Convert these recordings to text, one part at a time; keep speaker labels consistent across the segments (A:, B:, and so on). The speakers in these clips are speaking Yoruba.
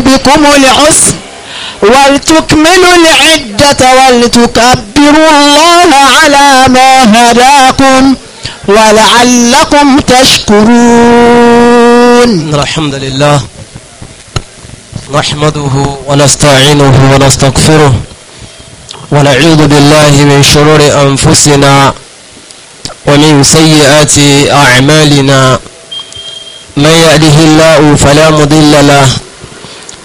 A: بكم الحسن ولتكملوا العدة ولتكبروا الله على ما هداكم ولعلكم تشكرون
B: الحمد لله نحمده ونستعينه ونستغفره ونعوذ بالله من شرور أنفسنا ومن سيئات أعمالنا من يأله الله فلا مضل له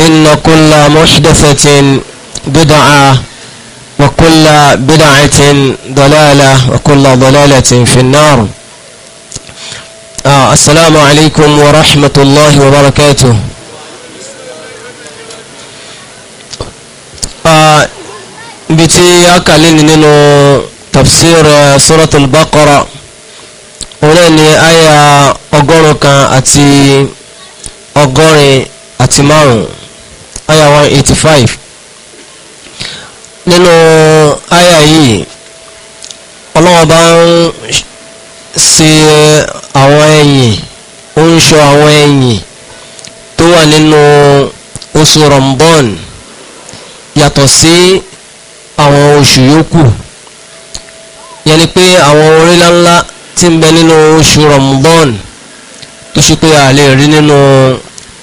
B: إن كل محدثة بدعة وكل بدعة ضلالة وكل ضلالة في النار آه السلام عليكم ورحمة الله وبركاته آه بتي أكلين نينو تفسير سورة البقرة ولاني آية أقولك أتي أقولي أتي مارو aya one eighty five nínú aya yìí ọlọ́wọ́ bá ń ṣe àwọn ẹ̀yìn ó ń ṣọ́ àwọn ẹ̀yìn tó wà nínú oṣù rọ̀mbọ́n yàtọ̀ sí àwọn oṣù yòókù yẹni pé àwọn orílẹ̀ ti ń bẹ nínú oṣù rọ̀mbọ́n tó ṣe pé a lè rí nínú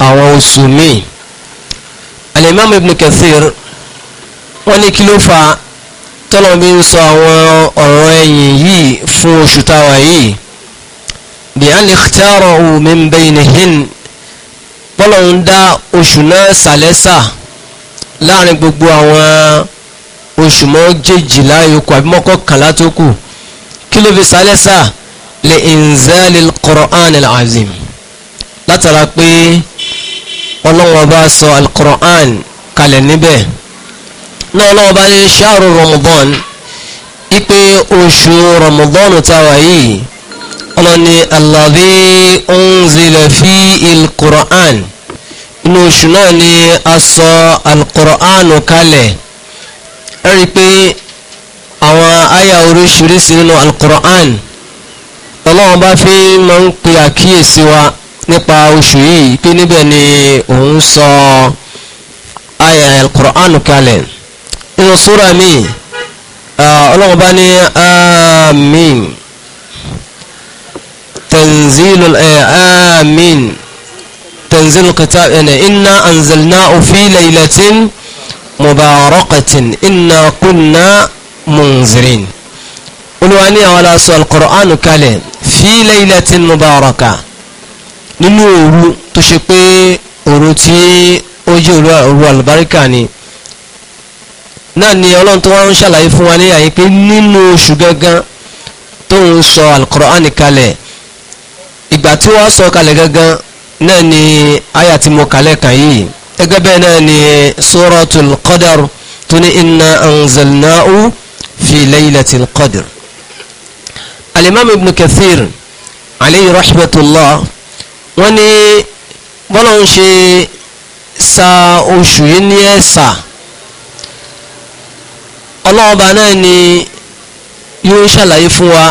B: àwọn oṣù míì alimam ibn kathir wọ́n ní kí ló fa tọ́lọ́n bí ń sọ àwọn ọ̀rọ̀ ẹ̀yìn yìí fún oṣù táwa yìí bí a lè tẹ́rọ omi ń bẹ ìnìhìn bọ́lọ̀ ń dá oṣù náà sàlẹ́sà láàrin gbogbo àwọn oṣù mọ́jèjìlá yòókù àbí mọ́kànlá tó kù kí ló fi sàlẹ́sà lè ń zẹ́lẹ̀ kọ́rọ̀ ánìlá azim látara pé ọlọ́wọ́ bá sọ alukur'an kalẹ̀ níbẹ̀ náà ọlọ́wọ́ bá ní ṣáàrù rọmọbọ́n ipe oṣù rọmọbọ́n táwa yìí ọlọ́ni alábí ounzilẹ̀ fi ilkur'an inú oṣù náà ni a sọ alukur'an kalẹ̀ ẹ rí i pé àwọn àyà oríṣiríṣi nínú alukur'an ọlọ́wọ́ fi máa ń pe àkíyèsí wa nípa oṣù yìí pé níbẹ̀ ni òun sọ àyà al-Qur'an kalẹ̀ nínú súra mi ọlọ́run bá ní àmín tanzilul àmín tanzilul kitab ẹ̀nà inna anzalnahu fi laylatin mubarakatin inna kunna munzirin olúwa ní àwọn aláṣọ al kalẹ̀ fi laylatin mubaraka nínú òru tó ṣe pé òru tí ó jẹ́ òru àlùbáríkà ni náà ni ọlọ́run tó wá ń ṣàlàyé fún wa ní àyè pé nínú oṣù gangan tó ń sọ alukur'an kalẹ̀ ìgbà tí wọ́n sọ kalẹ̀ gangan náà ni àyà tí mo kalẹ̀ kàn yìí gẹ́gẹ́ bẹ́ẹ̀ náà ni suratul qadar tó ní inna anzalnaahu fi laylatil qadr alimami ibn kathir alayhi rahmatulah wọ́n ní bọ́lá ń ṣe sa oṣù yìí ní ẹ̀sà ọlọ́ọ̀ba náà ni yóò ṣàlàyé fún wa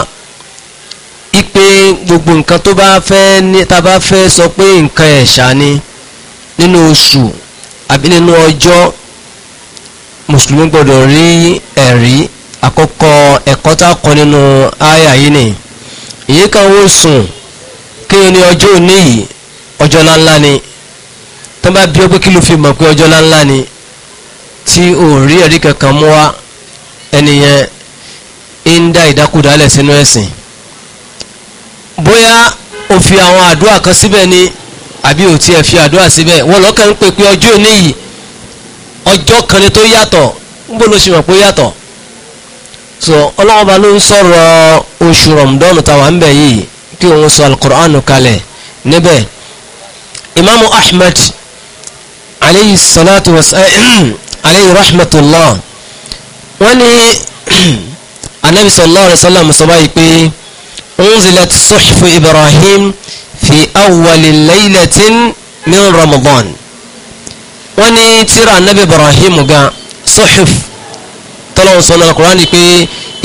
B: ipe gbogbo nǹkan tó bá fẹ́ ní ta bá fẹ́ sọ pé nǹkan ẹ̀ṣà ni nínú oṣù àbí nínú ọjọ́ mùsùlùmí gbọ́dọ̀ rí ẹ̀rí àkọ́kọ́ ẹ̀kọ́ tá a kọ́ nínú àyà yìí ni èyí kan wọ́n sùn kéèyàn ní ọjọ́ òní yìí ọjọ́ ńláńlá ni tó bá bí ọ pé kí ló fi mọ̀ pé ọjọ́ ńláńlá ni tí o rí ẹ̀rí kankan mú wá ẹnìyẹn ń dá ìdákùdálẹ̀ sínú ẹ̀sìn bóyá o fi àwọn àdúrà kan síbẹ̀ ni àbí o tiẹ̀ fi àdúrà síbẹ̀ wọ́n lọ́kàn ń pè pé ọjọ́ òní yìí ọjọ́ kan ni tó yàtọ̀ ń bó ló ṣe mọ̀ pé yàtọ̀ so ọlọ́wọ́ba ló ń sọ̀rọ̀ oṣù rọ̀mùdọ́nù táwa ń bẹ̀ yìí tí òun sọ alukur'anu kalẹ̀ níbẹ̀ imaamu ahmed aleyhi salatu wa aleyhi rahmatulah wọ́n ní anabi sallallahu alayhi wa sallam sọ báyìí pé unzilat suhfu ibrahim fi awwali laylatin min ramadan wọ́n ní tírà anabi ibrahim gan suhuf tọ́lọ́wọ́n sọ alukur'an ni pé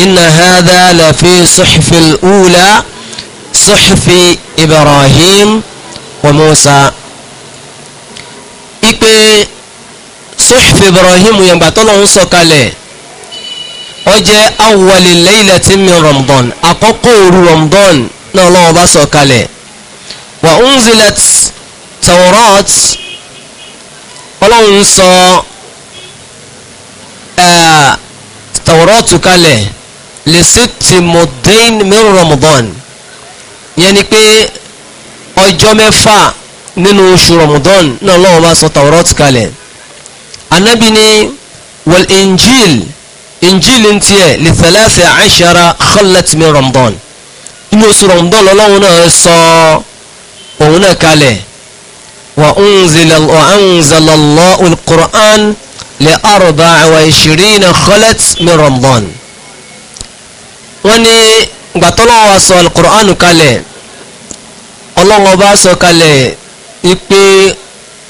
B: inna hadha la fi ula suhfi Ibrahim wa Musa ipe suhfi Ibrahim yẹn gbàtọ́ lọ́hún sọ̀kalẹ̀ ó jẹ́ awwali laylatin min Ramadan àkọ́kọ́ òru Ramadan náà lọ́wọ́ bá sọ̀kalẹ̀ wa unzilat Tawrat ọlọ́hún sọ Tawrat kalẹ̀ lè sí tìmọ̀dẹ́yìn min Ramadan yẹn ni pé ọjọ́ mẹ́fà nínú oṣù Ramadan náà lọ́wọ́ bá sọ Tawrat kalẹ̀ anabi ni wal injil injil ń tiẹ̀ li thalatha ashara khalat min Ramadan inú oṣù Ramadan lọ́wọ́ náà sọ òun náà kalẹ̀ wa anzala Allahu al-Qur'an li arba'a wa ishirina khalat min wọ́n ní ìgbà tọ́lọ́wọ́ wa sọ alukur'anu kalẹ̀ ọlọ́wọ́ bá sọ kalẹ̀ ipe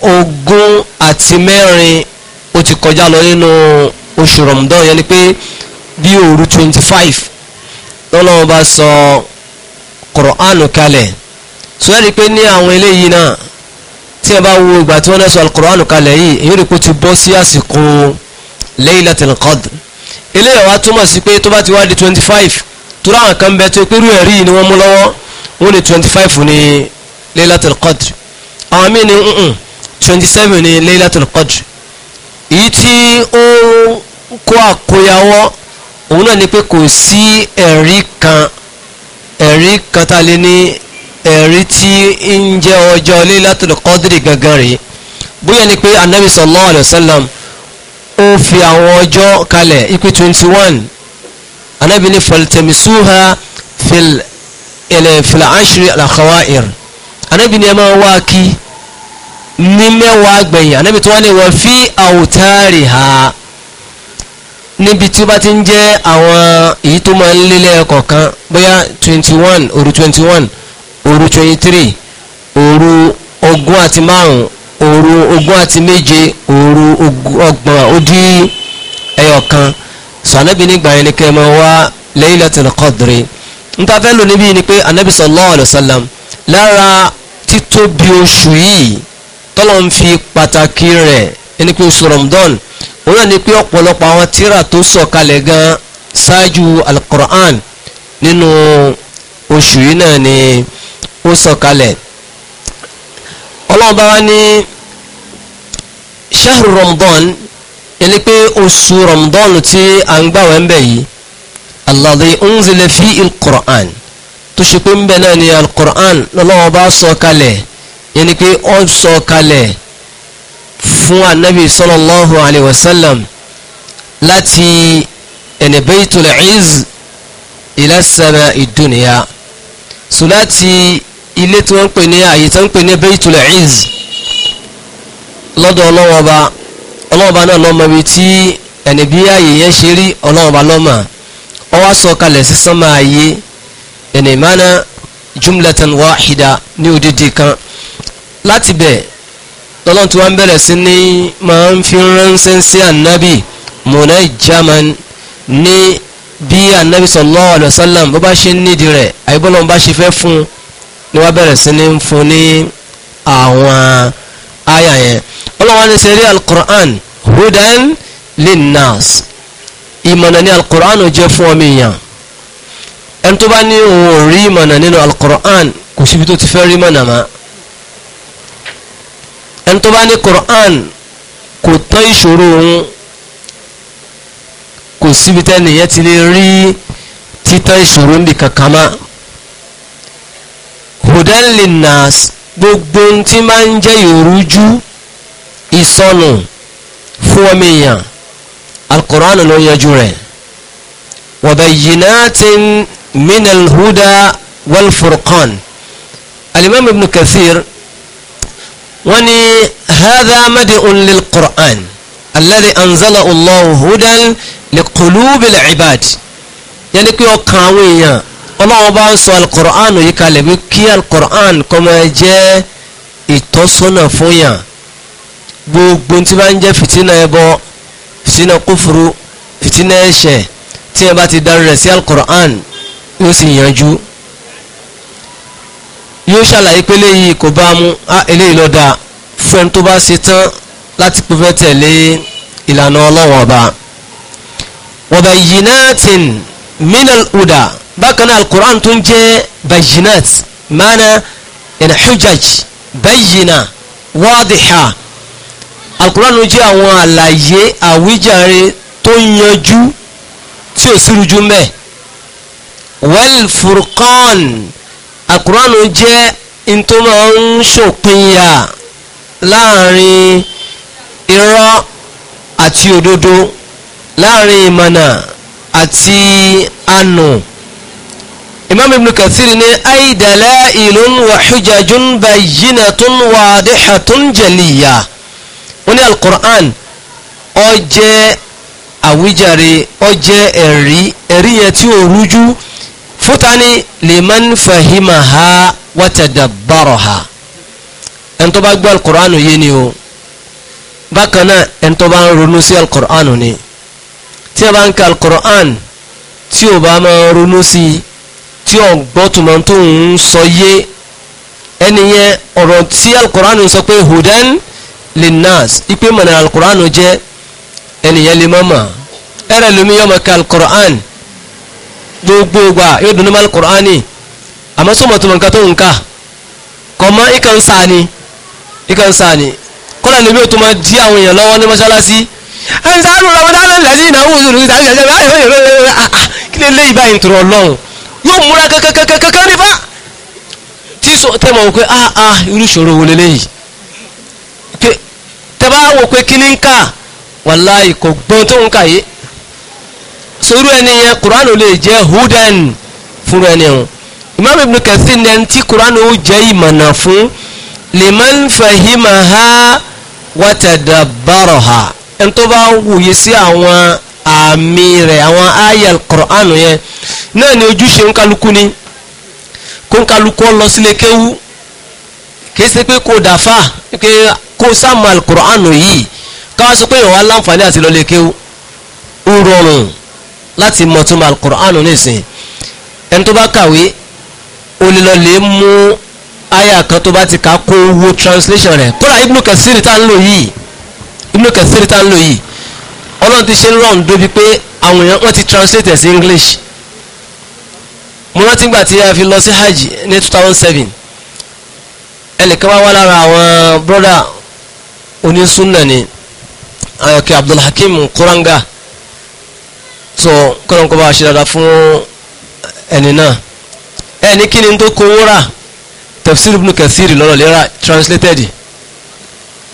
B: ogún àti mẹ́rin ó ti kọjá lọ nínú oṣù rọ̀mùdán yẹn ni pé bí òru twenty five lọ́lọ́wọ́ bá sọ kur'anu kalẹ̀ sọ yẹ́ di pé ní àwọn eléyìí náà tí ẹ bá wo ìgbà tí wọ́n lè sọ alukur'anu kalẹ̀ yìí èyí rẹ̀ kó ti bọ́ sí àsìkò Laylatul Qadr eléyàwó á túmọ̀ sí pé tó bá ti wá di twenty five Tura àwọn kan bẹ tó pérú ẹ̀rí ni wọ́n mú lọ́wọ́ wọ́n ní twenty five ní Laylatul Qadr àwọn míì ní twenty seven ní Laylatul Qadr èyí tí ó kó àkóyawọ́ òun náà ni pé kò sí ẹ̀rí kan ẹ̀rí kan tá a lè ní ẹ̀rí tí ń jẹ́ ọjọ́ Laylatul Qadr gangan rèé bóyá ni pé anabi sallallahu alayhi wa sallam ó fi àwọn ọjọ́ kalẹ̀ ipe twenty one anabi ni faltamisuha fil ilẹ̀ fil ashri al khawair anabi ni ẹ máa wá kí ní mẹ́wàá gbẹ̀yìn anabi tó wá ní wọ́n fi àwòtáàrì ha níbi tí ó bá ti ń jẹ́ àwọn èyí tó máa ń lélẹ̀ kọ̀ọ̀kan bóyá twenty one òru twenty one òru twenty àti márùn òru ogún àti méje òru ọgbọ̀n ó dín ẹyọ kan sànẹ́bí nígbà yẹn ni kẹ́ ẹ máa wá Laylatul Qadr nípa fẹ́ lò níbí ni pé anabi sallallahu alayhi wa sallam lára títóbi oṣù yìí tọ́lọ̀ ń fi pàtàkì rẹ̀ ẹni pé oṣù Ramadan òun náà ni pé ọ̀pọ̀lọpọ̀ àwọn tíra tó sọ̀kalẹ̀ gan ṣáájú al nínú oṣù yìí náà ni ó sọ̀kalẹ̀ ọlọ́run bá wá ní shahru Ramadan yẹni pé oṣù rọ̀mùdọ́ọ̀nù tí a ń gbàwẹ̀ ń bẹ̀ yìí alladhi unzila fi il-Qur'an tó ṣe pé ń bẹ̀ náà ni al-Qur'an lọ́lọ́wọ́ bá sọ kalẹ̀ yẹni pé ó sọ kalẹ̀ fún anabi sallallahu alayhi wa sallam láti ẹni baytul izz ila sama'i dunya so láti ilé tí wọ́n ń pè ní àyè tí wọ́n ń pè ní baytul izz lọ́dọ̀ ọlọ́wọ́ bá ọlọ́run bá náà lọ́mọ ibi tí ẹni bí ààyè yẹn ṣe rí ọlọ́run bá lọ́mọ ọ wá sọ kalẹ̀ sí sánmà ayé ẹni ìmáná jumlatan wahida ní odidi kan láti bẹ̀ lọ́lọ́run wọ́n bẹ̀rẹ̀ sí ní máa ń fi ránṣẹ́ sí ànábì mọ̀nà jaman ní bí ànábì sallallahu alaihi wasallam bó bá ṣe nídìí rẹ̀ àyíbọ́lọ́run bá ṣe fẹ́ fún un ni wọ́n bẹ̀rẹ̀ sí ní fún ní àwọn àyà yẹn ọlọ́wọ́ ní sẹ́rí alukur'an hudan linnas ìmọ̀nà ní alukur'an jẹ́ fún ọmọ èèyàn ẹni tó bá ní òun ò rí ìmọ̀nà nínú alukur'an kò síbi tó ti fẹ́ rí mọ̀nà mọ́ ẹni tó bá ní kur'an kò tán ìṣòro òun kò síbi tẹ́ni yẹn ti lè rí títán ìṣòro níbi kankan mọ́ hudan linnas gbogbo ohun tí máa ń jẹ́ ìrújú ìsọnù fún ọmọ èèyàn alukóraanù ló yanjú rẹ̀ wa bayyinatin minal huda wal furqan alimam ibn kathir wọ́n ní hadha madi'un lil qur'an alladhi anzala allahu hudan li qulubil ibad yẹn ni ọkàn àwọn èèyàn ọlọ́wọ́ bá ń sọ alukur'an yìí kalẹ̀ bí kí alukur'an kọ́ máa jẹ́ ìtọ́sọ́nà fún yàn gbogbo tí bá ń jẹ́ fìtínà ẹbọ fìtínà kúfuru fìtínà ẹ̀ṣẹ̀ tí ẹ bá ti darí rẹ̀ sí alukur'an yóò sì yanjú yóò ṣàlàyé pé léyìí kò bá mu á eléyìí ló dáa fún ẹni tó bá ṣe tán láti pé fẹ́ tẹ̀lé ìlànà ọlọ́wọ́n ọba wa bayyinatin minal huda bákan náà alukur'an tún jẹ́ bayinat maana yana hujjaj bayina wadiha alukur'an tún jẹ́ àwọn àlàyé àwíjàre tó yanjú tí ò sí rújú mbẹ́ wal furqan alukur'an tún jẹ́ ntoma ń ṣòpinya láàrin irọ́ àti òdodo láàrin ìmọ̀nà àti ànú imam ibn kathir ní ay dalailun wa hujajun bayyinatun wadihatun jaliya wọ́n ní alqur'an ó jẹ́ àwíjàre ó jẹ́ ẹ̀rí ẹ̀rí yẹn tí ó rújú fútani liman fahimaha wa tadabbaraha ẹni tó bá gbọ́ alqur'an yé ni o bákan náà ẹni tó bá ń alqur'an ni tí a bá alqur'an tí ó bá máa ronú sí tí ò gbọ́ tuma tó ń sọ yé ẹni yẹn ọ̀rọ̀ tí alukóránù sọ pé hudan linnas ipe mọ̀nà alukóránù jẹ́ ẹni yẹn lè má mà ẹ̀rẹ̀ lómi yọmọ ká alukóránù gbogbo gbà yóò dunu mọ́ alukóránù àmọ́ sọ́mọ́ tuma nǹkan tó ń ká kọ́mọ́ ikan sáni ikan sáni kọ́lá lómi yóò tuma di àwọn èèyàn lọ́wọ́ ní mọ́ṣáláṣí ẹni sáà ló rọ̀mọ́dá lẹ́sìn ìnáwó òṣèlú ìdájọ́ ìdájọ́ báyìí kí lè lé ìbáyìí tó rọ̀ lọ́hùn yóò múra kankankankan ní bá tí sọ tẹmọ wò pé ah ah irú ìṣòro wo leléyìí pé tẹbá wò pé kíní ń kà wàláì kò gbọ́n tó ń kà yìí sórú ẹni yẹn kuranu lè jẹ́ hudan fúnra ẹni ẹ̀hún imam ibn kathir ní ẹni tí kuranu ó jẹ́ ìmọ̀nà fún liman fahimaha watadabbaraha ẹni tó bá wòye sí àwọn àmì rẹ̀ àwọn ayal kuranu yẹn náà ni ojúṣe ńkálukú ni kó ńkálukú ọ lọ sílé kéwú kìí ṣe pé kó dàfà pé kó sáàmù alukùránù yìí káwá sọ pé ìwọ aláǹfààní àti lọlé kéwú ń rọrùn láti mọ̀túnmọ̀ alukùránù nìsín ẹni tó bá kàwé ó mú aya kan tó bá ti kà kó wo translation rẹ̀ kódà Ibnu Kasiri tá ń lò yìí Ibnu Kasiri tá ń lò yìí ọlọ́run ti ṣe ń rọrùn dóbi pé àwọn èèyàn wọ́n ti translate ẹ̀ sí English mo rántí gbà tí a fi lọ sí hajj ní 2007 ẹnìkan wá wá lára àwọn brọ́dà onísúnà ni ayọ̀kẹ́ abdulhakeem kuranga sọ kọ́nà kọ́ bá ṣe dáadáa fún ẹni náà ẹni kí ni tó kówó rà tafsir ibn kathir lọ́rọ̀ lera translated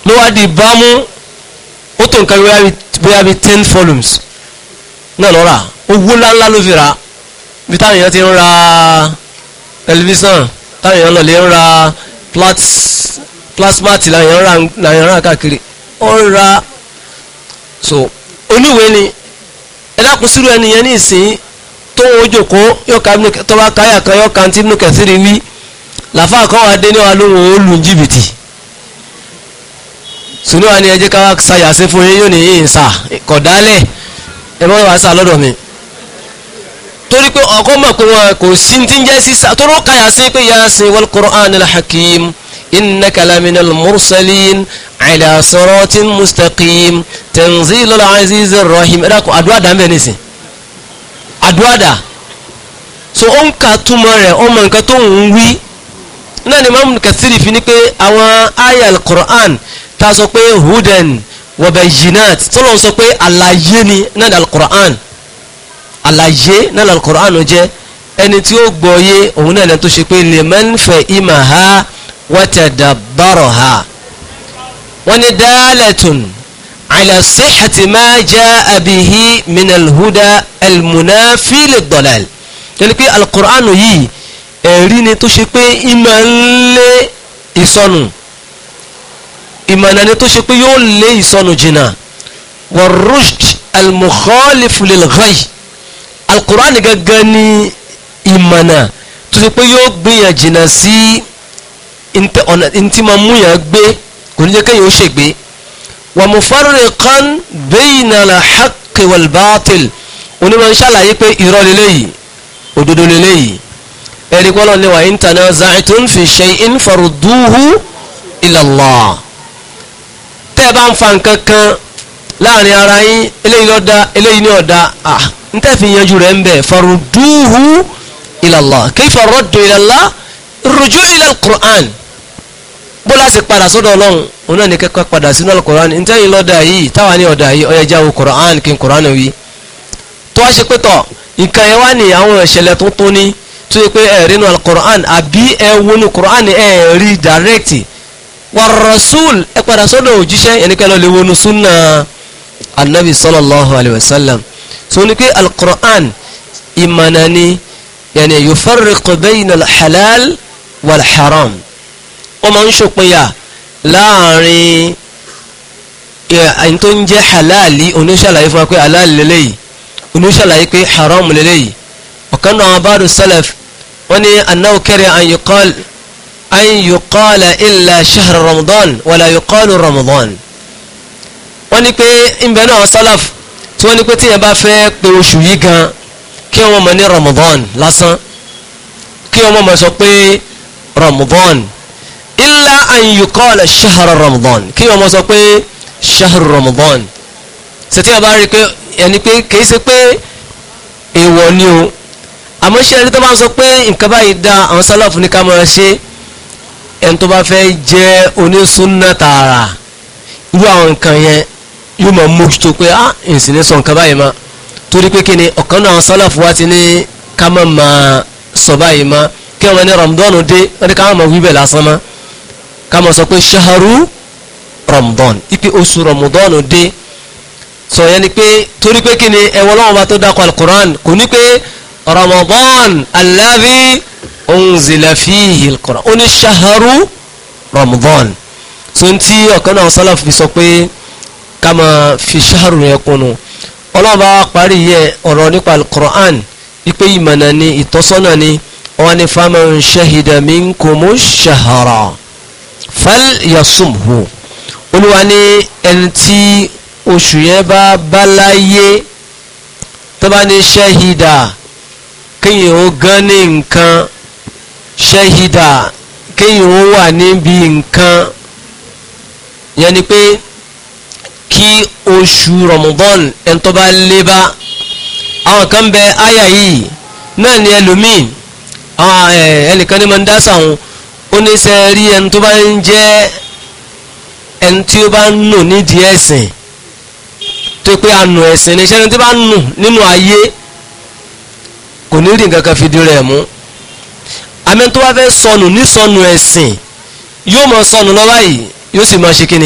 B: ló wá di bámú ó tó nǹkan bóyá bíi ten volumes náà lọ́ra owó ńláńlá ló fi rà bí táwọn èèyàn ti ń ra tẹlifíṣàn táwọn èèyàn lọ́lẹ̀ ń ra plasma tí làwọn èèyàn rà káàkiri ó ń ra so oníwèé ni ẹ dákun sírú ẹni yẹn ní ìsìn tó ń ojòkó yóò ká tó bá káyà kan yóò kan tí nù kẹsìrì wí làfáà kan wà dé ní wa lóhùn ó lù jìbìtì sùnú wa ni ẹ jẹ́ ká wá sayà sí fún yín yóò ní yín sà kọ̀dálẹ̀ ẹ mọ́ wá sà lọ́dọ̀ mi torí pé ọkọ mọ̀ pé wọn kò sí ti ń jẹ́ sísá tó ló kàyà sí pé yasin wal qur'anil hakim innaka laminal mursalin ala siratin mustaqim tanzilul azizir rahim ẹ̀dá kò àdúrà dà ń bẹ̀ nísìn àdúrà so ó ń ka túmọ̀ rẹ̀ ó mọ nǹkan tó ń wí náà ni Imam Kathiri fi ni pé àwọn ayal qur'an ta sọ pé hudan wa bayyinat tó sọ pé àlàyé ni náà ni al àlàyé náà lọ́kùránù jẹ́ ẹni tí ó gbọ́ yé òun náà lẹ́nu tó ṣe pé liman fahimaha wa tadabbaraha wọ́n ní dalatun ala sihhati ma jaa bihi min alhuda almunafi lidalal yẹni pé alukùránù yìí ẹ̀rí ni tó ṣe pé ìmọ̀ ń lé ìsọnù ìmọ̀nà ni tó ṣe pé yóò lé ìsọnù jìnnà wa rushd almukhalif lilghayy alukurani gangan ni ìmọ̀nà tó ti pé yóò gbìyàn jìnnà sí ọ̀nà tí ma mú yàn gbé kò ní jẹ́ kéèyàn ó ṣègbè wa mufarriqan bayna al-haqqi wal-batil onímọ̀ ṣàlàyé pé irọ́ lélẹ́yìí òdodo lélẹ́yìí ẹ̀rí pọ́lọ́ ni wa in tanaza'tum fi shay'in farudduhu ila Allah tẹ́ bá ń fa nǹkan kan láàrin ara yín eléyìí ni ó ntẹ́fì yanjú rẹ̀ ń bẹ̀ faruduhu ilallah kayfa raddu ilallah ruju ilal qur'an bóla sì padà sọ́dọ̀ ọlọ́run òun náà ní kẹ́kọ́ padà sínú alukur'an ntẹ́yìn lọ́dà yìí táwa ní ọ̀dà yìí ọ̀yẹ́ jáwó qur'an kí n qur'an wí tó wá ṣe pé tọ̀ nǹkan yẹn wá ní àwọn ìṣẹ̀lẹ̀ tuntun ni tó yẹ pé ẹ̀ rínú alukur'an àbí ẹ̀ wọnú qur'an ẹ̀ rí direct wa rasul padà sọ́dọ̀ òjíṣẹ́ ẹnikẹ́ni lè wọnú sunna anabi sallallahu alayhi wa sallam so ní pé alukur'an ìmọ̀nà ni yẹnì yufarriqu bayna alhalal walharam ó máa ń ṣòpinya láàrin ẹni tó ń jẹ́ halali oníṣàlàyé fún wa pé halal lélẹ́yìí oníṣàlàyé pé haram lélẹ́yìí ọ̀kan náà àwọn abáàdù salaf wọ́n ní anáwó kẹrẹ àyùkọ́l àyùkọ́lá illa shahr ramadan wàlá àyùkọ́lù ramadan wọ́n ní pé ń náà salaf tí wọ́n ní pé téèyàn bá fẹ́ pé oṣù yìí gan kí wọ́n mọ̀ ní Ramadan lásán kí wọ́n mọ̀ sọ pé Ramadan illa an yuqala shahra Ramadan kí wọ́n mọ̀ sọ pé shahru Ramadan ṣe téèyàn bá rí pé ẹni pé kì í ṣe pé èèwọ̀ ni o àmọ́ ṣe ẹni tó bá ń sọ pé nǹkan báyìí da àwọn sálàfù ní ká máa ṣe ẹni tó bá fẹ́ jẹ́ onísúnnà tààrà irú àwọn nǹkan yẹn yóò máa mójútó pé á ah, ǹsìn ní sọ nǹkan báyìí ma torí pé kíni ọ̀kan náà sálàfù wa ti ní ká má máa sọ báyìí ma kí wọn ní rọmdọ́nù dé wọn ní ká máa wíbẹ̀ lásán ma ká máa sọ pé ṣaharu rọmdọ́n ipe oṣù rọmdọ́nù dé sọ yẹn ni pé torí pé kíni ẹwọ lọ́wọ́ bá tó dákọ̀ alukur'an kò ní pé rọmdọ́n aláàbí unzila fihi alukur'an ṣaharu rọmdọ́n so ní tí ọ̀kan náà sálàfù fi sọ pé ká máa fi ṣáàrù yẹn kunu ọlọ́run bá parí yẹ ọ̀rọ̀ nípa alukur'an ipe ìmọ̀nà ni ìtọ́sọ́nà ni wọn ni faman shahida minkumu shahara fal yasumhu olúwa ní ẹni tí oṣù yẹn bá bá láyé tó bá ní shahida kéèyàn ó gán ní nǹkan shahida kéèyàn ó wà níbi nǹkan yẹn ni pé kí oṣù Ramadan ẹni tó bá lé bá àwọn kan bẹ àyà yìí náà ni ẹlòmíì àwọn ẹnìkan ní máa ń dá sàwọn oníṣẹ́ rí ẹni tó bá ń jẹ́ ẹni tí ó bá ń nù nídìí ẹ̀sìn tó pé ànù ẹ̀sìn ní iṣẹ́ ẹni tí bá ń nù nínú ayé kò ní rí nǹkan kan fìdí rẹ̀ mú àmì tó fẹ́ sọnù ní sọnù ẹ̀sìn yóò mọ sọnù lọ báyìí yóò sì máa ṣe kí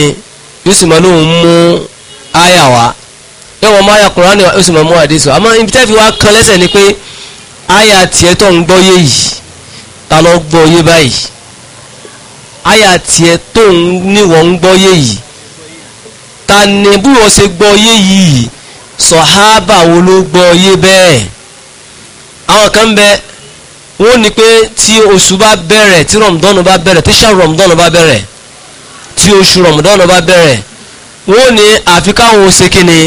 B: yóò sì máa lóun mú àyà wá yóò wọ́n mú àyà kùránì wá yóò sì máa mú àdìsí wá àmọ́ ibi wá kan lẹ́sẹ̀ ni pé aya tiẹ̀ tó ń gbọ́ yé yìí ta ló gbọ́ yé báyìí àyà tiẹ̀ tó ń níwọ̀n ń gbọ́ yé yìí ta ni bí wọ́n ṣe gbọ́ yé yìí sọ̀hábà wo ló gbọ́ yé bẹ́ẹ̀ àwọn kan bẹ́ẹ̀ wọ́n ní pé tí oṣù bá bẹ̀rẹ̀ tí rọ̀mùdọ́nù bá bẹ̀rẹ̀ tíṣà rọ̀mùdọ́nù bá bẹ̀rẹ̀ tí oṣù rọ̀mùdọ́nù bá bẹ̀rẹ̀ wọ́n ní àfi káwọn ó ṣe kíni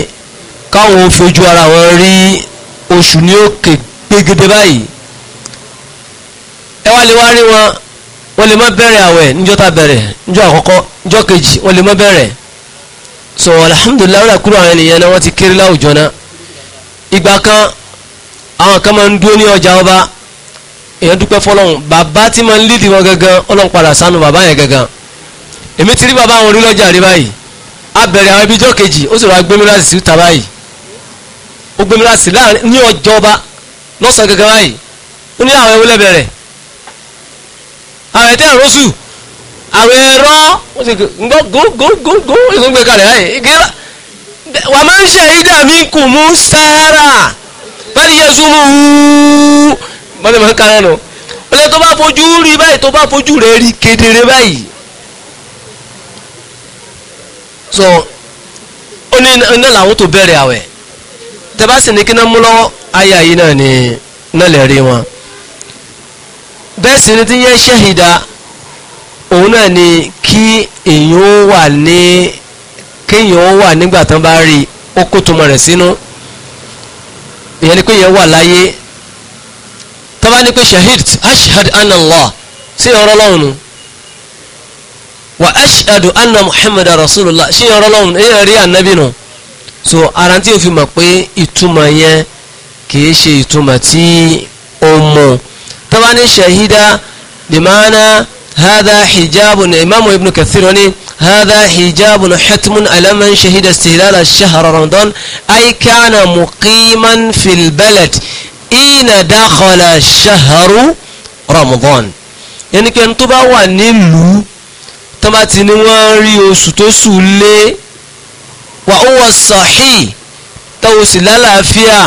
B: káwọn ó fojú ara wọn rí oṣù ní òkè gbégede báyìí ẹ wá lè wá rí wọn wọ́n lè má bẹ̀rẹ̀ àwẹ̀ níjọ́ ta bẹ̀rẹ̀ níjọ́ àkọ́kọ́ níjọ́ kejì wọ́n lè má bẹ̀rẹ̀ so alhamdulilayi wọ́n kúrò àwọn ènìyàn náà wọ́n ti kéré láwùjọ náà ìgbà kan àwọn kan máa ń dúró ní ọjà ọba èèyàn dúpẹ́ fọlọ́hún bàbá tí máa ń lídìí wọn gangan ọlọ́run padà sánú bàbá yẹn gangan èmi ti rí bàbá àwọn orílọ́jà rí báyìí a bẹ̀rẹ̀ àwọn ibi ijọ́ kejì ó sì rọra gbé mílíọ̀nù sí ta báyìí ó gbé mílíọ̀nù sí láàrin ní ọjọ́ ọba lọ́sàn-án gẹ́gẹ́ báyìí ó ní àwọn ewúlẹ̀ bẹ̀rẹ̀ àwọn ẹ̀tẹ́ àròsù àwọn ẹ̀rọ ó sì gbọ́ gógógógó ìlú gbé kalẹ̀ báyìí ìgbéra wà máa ń ṣe ìdá mi kù mú sáárà báyìí yẹ súnmù wúú bọ́lá ìmọ̀ ń kalẹ̀ nù ó lẹ́ tó bá fojú rí báyìí tó bá fojú rẹ̀ rí kedere báyìí so ó ní iná làwọn tó bẹ̀rẹ̀ àwẹ̀ tẹ́bá sì ní kí náà mú lọ́wọ́ ayé yìí náà ni náà lè rí wọn bẹ́ẹ̀ sì ni ti yẹn ṣẹ́hìdá òun náà ni kí èèyàn ó wà ní kéèyàn ó wà nígbà tán bá rí ó kó tó mọ̀ rẹ̀ sínú ìyẹn ni pé yẹn wà láyé tọ́ba ni pé shahid ashhad anallah sí ọ̀rọ̀ lọ́hùn wa ashadu anna muhammad rasulullah ṣe yọrọ lọ́hùn èyàn rí ànábì nù so ara tí o fi mọ̀ pé ìtumọ̀ yẹn kìí ṣe ìtumọ̀ tí o mọ̀ tọ́ba ní ṣahida limana hadha hijabu ni imaamu ibn kathir ni hadha hijabu na xatmun alaman shahida istihlala shahra ramadan ay kana muqiman fil balad ina dakhala shahru ramadan yẹnikẹ́ni tó bá wà nílùú tó bá ti ní wọ́n rí oṣù tó sù lé wà ó wọ sọ̀hí tọ́wọ́ sì lálàáfíà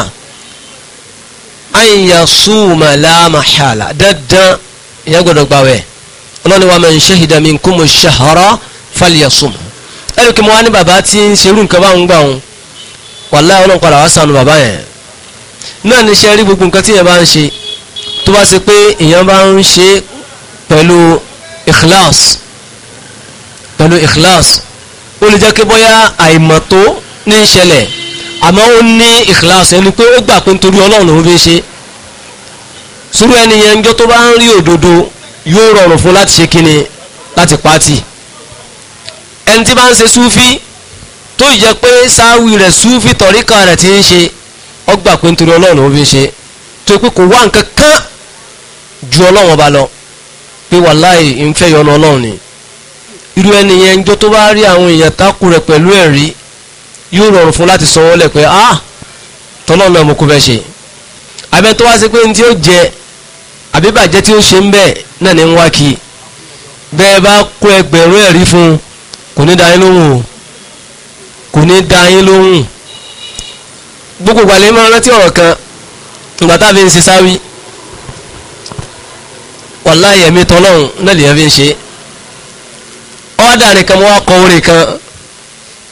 B: àyìnyà súnmọ̀ láàmàhàlà dandan ìyẹn gbọ́dọ̀ gbàwẹ̀ ọlọ́ni wa man shahida minkum ash-shahra falyasum ẹ̀rù kí mo wá ní bàbá tí ń ṣerú nǹkan báwọn gbà wọn wàláhí ọlọ́run padà wá sànù bàbá yẹn náà ní ṣe gbogbo nǹkan tí èèyàn bá ń ṣe tó bá ṣe pé èèyàn bá ń ṣe pẹ̀lú ikhlas pẹ̀lú ikhlas ó lè jẹ́ kí bóyá àìmọ̀tó ní í àmọ́ ó ní ikhlas ẹni pé ó gbà pé nítorí ọlọ́run lòún fi ṣe sùúrù ẹni yẹn njọ́ tó bá ń rí òdodo yóò rọrùn fún láti ṣe kíni láti pàtì ẹni tí bá ń ṣe súfí tó yẹ pé sáwì rẹ̀ súfí tọ̀ríkà rẹ̀ ti ń ṣe ó gbà pé nítorí ọlọ́run lòún fi ṣe tó pé kò wá nǹkan kan ju ọlọ́run ọba lọ pé wàláì ń fẹ́ yọnu ọlọ́run ni irú ẹnìyẹn njọ́ tó bá rí àwọn èèyàn tákù rẹ̀ pẹ̀lú ẹ̀rí yóò rọrùn fún láti sọ wọ́n lẹ̀ pé ah tọ́lọ́ náà mo kó fẹ́ ṣe abẹ́ tó wá sí pé ní tí ó jẹ àbíbàjẹ́ tí ó ṣe ń bẹ̀ náà ní ń wá kí bẹ́ẹ̀ bá kó ẹgbẹ̀rún ẹ̀rí fún kò ní dá yín lóhùn kò ní dá yín lóhùn gbogbo ìgbàlẹ̀ máa rántí ọ̀rọ̀ kan ìgbà tá fi ń ṣe sáwí wàláyẹ̀mí tọ́lọ́hún náà lè fi ń ṣe é wá dà nìkan mo wá kọ orin kan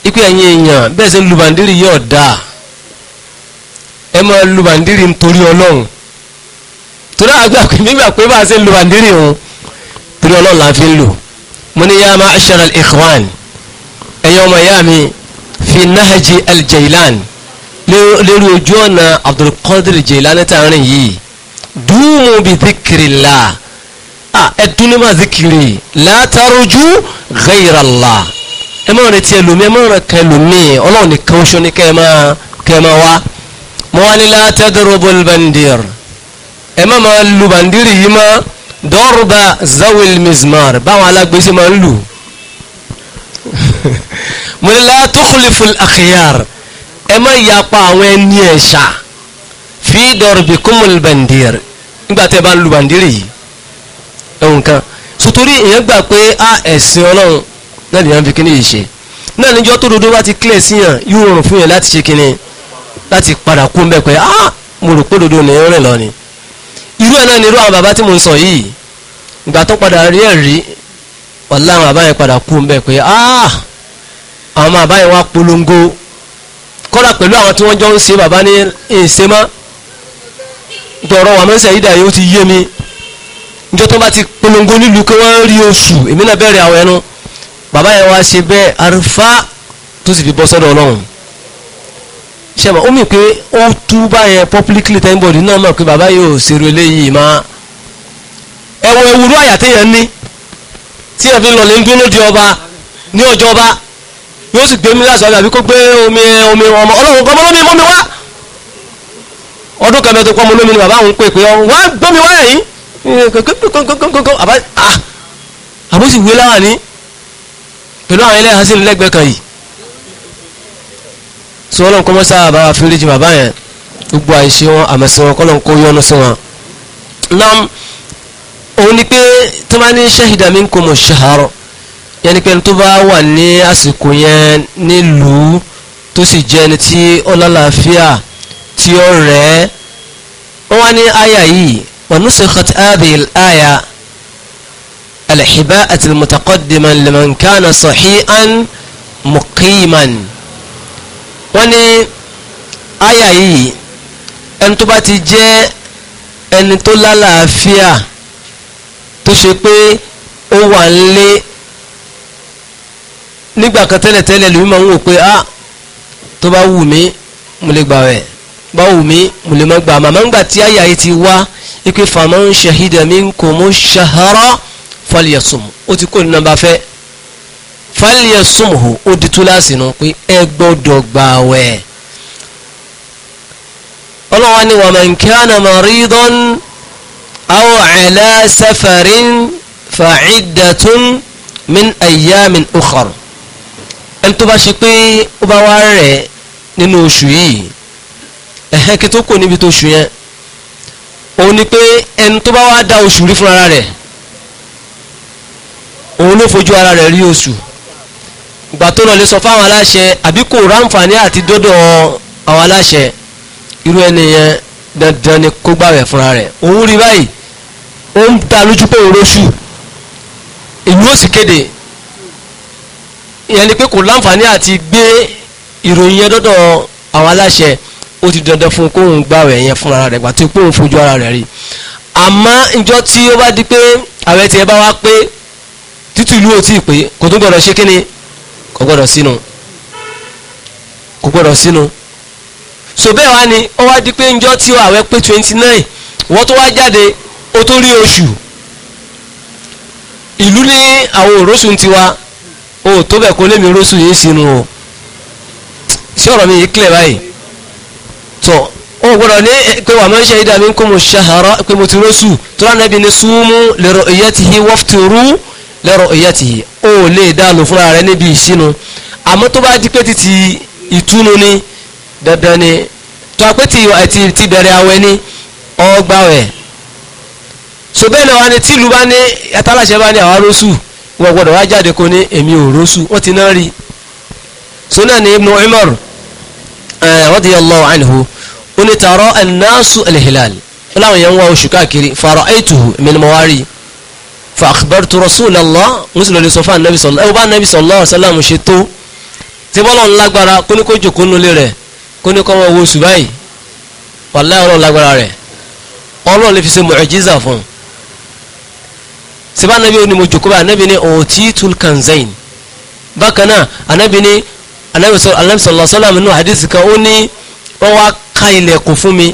B: ipe ẹ̀yin èèyàn bẹ́ẹ̀ sẹ́ lu bàndírì yóò dáa ẹ máa lu bàndírì nítorí ọlọ́run torí àgbà pé nígbà pé bá a ṣe lu òun torí ọlọ́run la fi ń lò mo ní yá ma'ashara al ẹ̀yin ọmọ ìyá mi fi nahji al-Jailan ojú ọ̀nà Abdul Qadir Jailani rìn yìí dúró bi ẹ tún ní máa zikiri la taruju ghayra Allah ẹ máa retí ẹlòmíì ẹ máa rẹ kẹ ẹlòmíì ọlọ́run nìkan oṣù ní kẹ ẹ máa kẹ ẹ máa wá mo wá ní ẹ má máa lu bandiri yìí má darba zawil mizmar báwọn alágbèsè máa ń lù mo ní ẹ má yapa àwọn ẹni ẹ̀ṣà fi darbikumul bandir nígbà tẹ bá lu bandiri yìí ẹ̀wọ̀n kan sotori èèyàn gbà pé a ẹ̀sìn ọlọ́run náà lèèyàn fi kíní yìí ṣe náà níjọ́ tó dodo bá ti clear sí yàn yóò rọrùn fún yàn láti ṣe kíní láti padà kú mbẹ́ pé a mo rò pé dodo ní rìn lọ ni irú ẹ̀ náà ni irú àwọn bàbá tí mo ń sọ yìí ìgbà tó padà rí ẹ̀rí ọ̀la àwọn bàbá yẹn padà kú mbẹ́ pé a àwọn bàbá yẹn wá polongo kọ́ra pẹ̀lú àwọn tí wọ́n jọ ń ṣe bàbá ní ìṣe dọ̀rọ̀ wàmẹ́sẹ̀ yìí dà ti yé mi níjọ́ tó bá ti polongo nílùú pé wọ́n rí oṣù èmi náà bẹ̀rẹ̀ àwọn ẹnu bàbá yẹn wá ṣe bẹ́ẹ̀ àrífà tó sì fi bọ́ sọ́dọ̀ ọlọ́run ṣe ó mì pé ó tú báyẹn publicly tẹ́ńbọ̀dì náà mọ̀ pé bàbá yóò ṣeré eléyìí má ẹwọ ewúrú àyà téèyàn ní tí ẹ̀ fi lọ lè ń dúró lóde ọba ní ọjọ́ ọba yóò sì gbé mi láṣọ àbí kó gbé omi omi ọmọ ọlọ́run gbọ́mọ́ lómi mọ́mi wá ọdún kẹmẹ́tò pọ́nmọ́ lómi ni bàbá òun pè pé wá gbọ́mi wá yìí kókókókókókó eh, àbá ah! àbúsì wé láwà ní pẹ̀lú àwọn ilé hasil lẹ́gbẹ̀ẹ́ kan yìí tí wọ́n lọ́n kọ́ mọ́sá àbá fíríjì bàbá yẹn gbogbo àìṣe wọn àmẹ́sí wọn kọ́ lọ́n yọ́nu sí wọn. nam òun ni pé tí wọ́n ní ṣahida minkum ash-shahra yẹn ni pé tó bá wà ní àsìkò yẹn nílùú tó sì jẹ́ ẹni tí ọlọ́láfíà tí ó rẹ̀ wọ́n wá ní àyà yìí ونسخت هذه الآية الحباءة المتقدما لمن كان صحيئا مقيما وني آية هي ẹni tó bá ti jẹ́ ẹni tó lálàáfíà tó ṣe pé ó wà nílé nígbà kan tẹ́lẹ̀tẹ́lẹ̀ lómi máa ń wò pé ah tó bá wù mí mo lè gbà wẹ̀ bá wù mí mo lè má gbà màmá ń gbà tí àyà yìí ti wá ike faman shahida minkumu shahara falyasum ó ti kó ní nàbà fẹ́ falyasumhu ó di túláàsì nù pé ẹ gbọ́dọ̀ gbààwẹ̀ ọlọ́wọ́ ni waman kana maridan aw ala safarin fa'iddatun min ayyamin ukhar ẹni tó bá ṣe pé ó bá wá rẹ̀ nínú oṣù yìí ẹ̀hẹ́n kí tó kò níbi tó oṣù yẹn òun ni pé ẹni tó bá wá da oṣù rí fúnra rẹ̀ òun ló fojú ara rẹ̀ rí oṣù ìgbà tó lọ lè sọ fáwọn aláṣẹ àbí kò ráǹfààní àti dọ́dọ̀ àwọn aláṣẹ irú ẹni yẹn dandan ni kó gbàwẹ̀ fúnra rẹ̀ òun rí báyìí ó ń lójú pé òun lóṣù ìlú ó sì kéde ìyẹn ni pé kò láǹfààní àti gbé ìròyìn yẹn dọ́dọ̀ àwọn aláṣẹ ó ti dandan fún kóun gbààwẹ̀ yẹn fúnra rẹ̀ gbà tó kóun fojú ara rẹ̀ rí àmọ́ ìjọ tí ó bá di pé àwẹ̀ tiẹ̀ bá wá pé títí ìlú ò tí ì pé kò tó gbọdọ̀ ṣe kíni kò gbọdọ̀ sínú kò gbọdọ̀ sínú so bẹ́ẹ̀ wá ni ó wá di pé ìjọ tí àwẹ̀ pé twenty nine wọ́n tó wá jáde ó tó rí oṣù ìlú ní àwọn òrósù ń tiwa ó tó bẹ̀ kó lémi rósù yìí sínú o ṣé ọ̀rọ̀ mi yìí clear báyìí tọ́ ó gbọ́dọ̀ ní pé wà máa ń ṣe ìdá mi kó mo ṣahara pé mo ti rọ́ṣù tó rán ẹbí ni súnmú lẹ́rọ ìyẹ́tìhí wọ́ftìrú lẹ́rọ ìyẹ́tìhí ó lè dànù fúnra rẹ níbi ìṣínú àmọ́ tó bá di pé ti ti ìtúnu ni dandan ni tó a pé ti bẹ̀rẹ̀ awẹ ni ọgbà wẹ̀ so bẹ́ẹ̀ lọ́wọ́ ni tí ìlú bá ní ataláṣẹ bá ní àwa rọ́ṣù wọ́n gbọ́dọ̀ wá jáde kó ní èmi ò rọ́ṣù wọ́n ti náà rí so náà ni Ibn Eh, radiyallahu anhu ó ní tààrọ annasu alhilal ó láwọn yẹn ń wá oṣù káàkiri fara'aytuhu min mawari fa akhbartu rasulallah mùsùlùmí sọ fún anabi sọlá ẹwọ bá anabi sallallahu alaihi wasallam ṣe tó tí bọ́lọ̀ ń lágbára kó ní kó jòkó nulẹ̀ rẹ̀ kó ní kọ́ wọn wo oṣù báyìí wàlá ọlọ́run lágbára rẹ̀ ọlọ́run anamisọlọ sọlọmù nù hadith kan ó ní wọn wá ká ilẹ̀kùn fún mi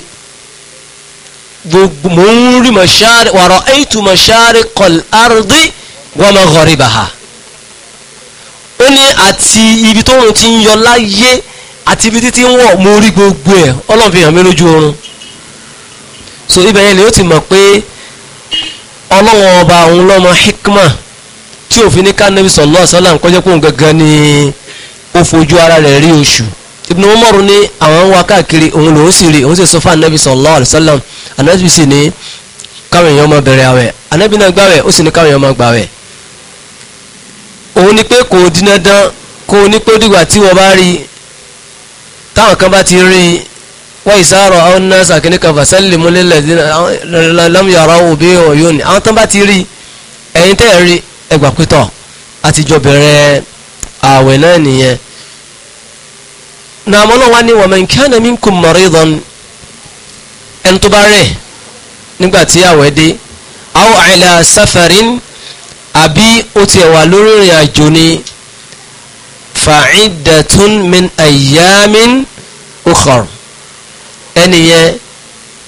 B: gbogbo mò ń rí mọṣáré wàrọ ẹyìtù mọṣáré kọl ardi wọn mọ gọrí bàhà ó ní àti ibi tó ń ti ń yọ láyé àti ibi títí ń wọ̀ mo rí gbogbo ẹ̀ ọlọ́run fi lójú oorun so ibẹ̀ yẹn ni ó ti mọ̀ pé ọlọ́run ọba òun lọ́mọ hikma tí òfin ní ká nẹ́bí sọ̀lọ́ ń kọjá pé òun gangan ni ó fojú ara rẹ̀ rí oṣù Ibn Umar ní àwọn ń wá káàkiri òun lòún sì rí òun sì sọ fún anabi sallallahu alayhi wa sallam anabi sì ní káwọn èèyàn máa bẹ̀rẹ̀ àwẹ̀ anabi náà gbàwẹ̀ ó sì ní káwọn èèyàn máa gbàwẹ̀ òun ni pé kò dínà dán kó o ní pé dìgbà tí wọ́n bá rí i táwọn kan bá ti rí i wọ́n ìsáàrọ̀ àwọn náà sàkíní kan fàṣẹ́lì múlẹ̀lẹ̀ lámúyàrá òbí ọ̀yọ́ ni àwọn tán bá ti rí i ẹ̀yin rí ẹgbà àtijọ́ bẹ̀rẹ̀ ààwẹ̀ náà nìyẹn náà mọ́nà wá ní wa man kana minkum maridan ẹni tó bá rẹ̀ nígbà tí ààwẹ̀ dé aw ala safarin àbí ó tiẹ̀ wà lórí ìrìn àjò ni fa'iddatun min ayyamin ukhar ẹni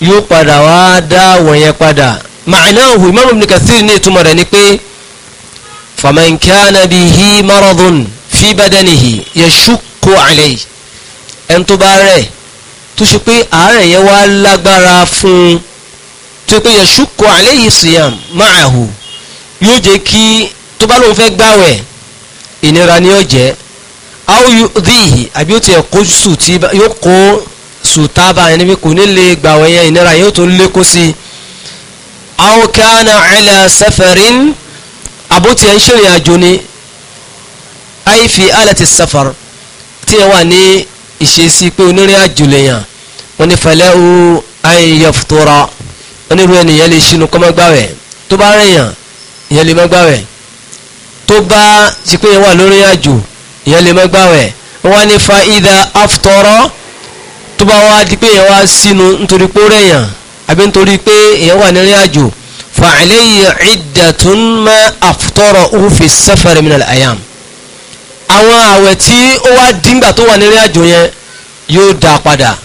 B: yóò padà wá dá ààwẹ̀ yẹn padà ma'nahu Imam Ibn Kathir ní ìtumọ̀ rẹ̀ ni pé faman kana bihi maradun fi badanihi yashukku alayhi ẹni tó bá rẹ̀ tó ṣe pé àárẹ̀ yẹn wá lágbára fún un tó pé yashukku alayhi siyam ma'ahu yóò jẹ́ kí tó bá lóun fẹ́ gbàwẹ̀ ìnira ni yóò jẹ́ aw yu'dhihi àbí ó tiẹ̀ kó sùtì yóò kó sùtà bá ẹni bí kò ní lè gbàwẹ̀ yẹn ìnira yóò tó lékún sí i aw kana ala safarin àbótiẹ̀ ń ṣèrìn àjò ni ayé fi alẹ́tì safar tí ẹ wà ní ìṣesí pé onírìn àjò lèèyàn wọn ní fẹlẹ́ o ayé yẹ fòtòrọ onírú ẹnìyẹn lè ṣinú kọ́mọ́gbàwẹ̀ tó bá rẹ̀yàn ìyẹn lè mọ́gbàwẹ̀ tó bá ti pé wà lórí àjò ìyẹn lè mọ́gbàwẹ̀ wọn ní fa ìdá àfòtòrọ tó bá wá di pé ìyẹn wá sínú nítorí pé ó rẹ̀yàn àbí nítorí pé ìyẹn wà nírìn àjò fa alayhi iddatun ma aftara àwọn àwẹ̀ tí ó wá díngbà tó wà nílé àjò yẹn yóò dá padà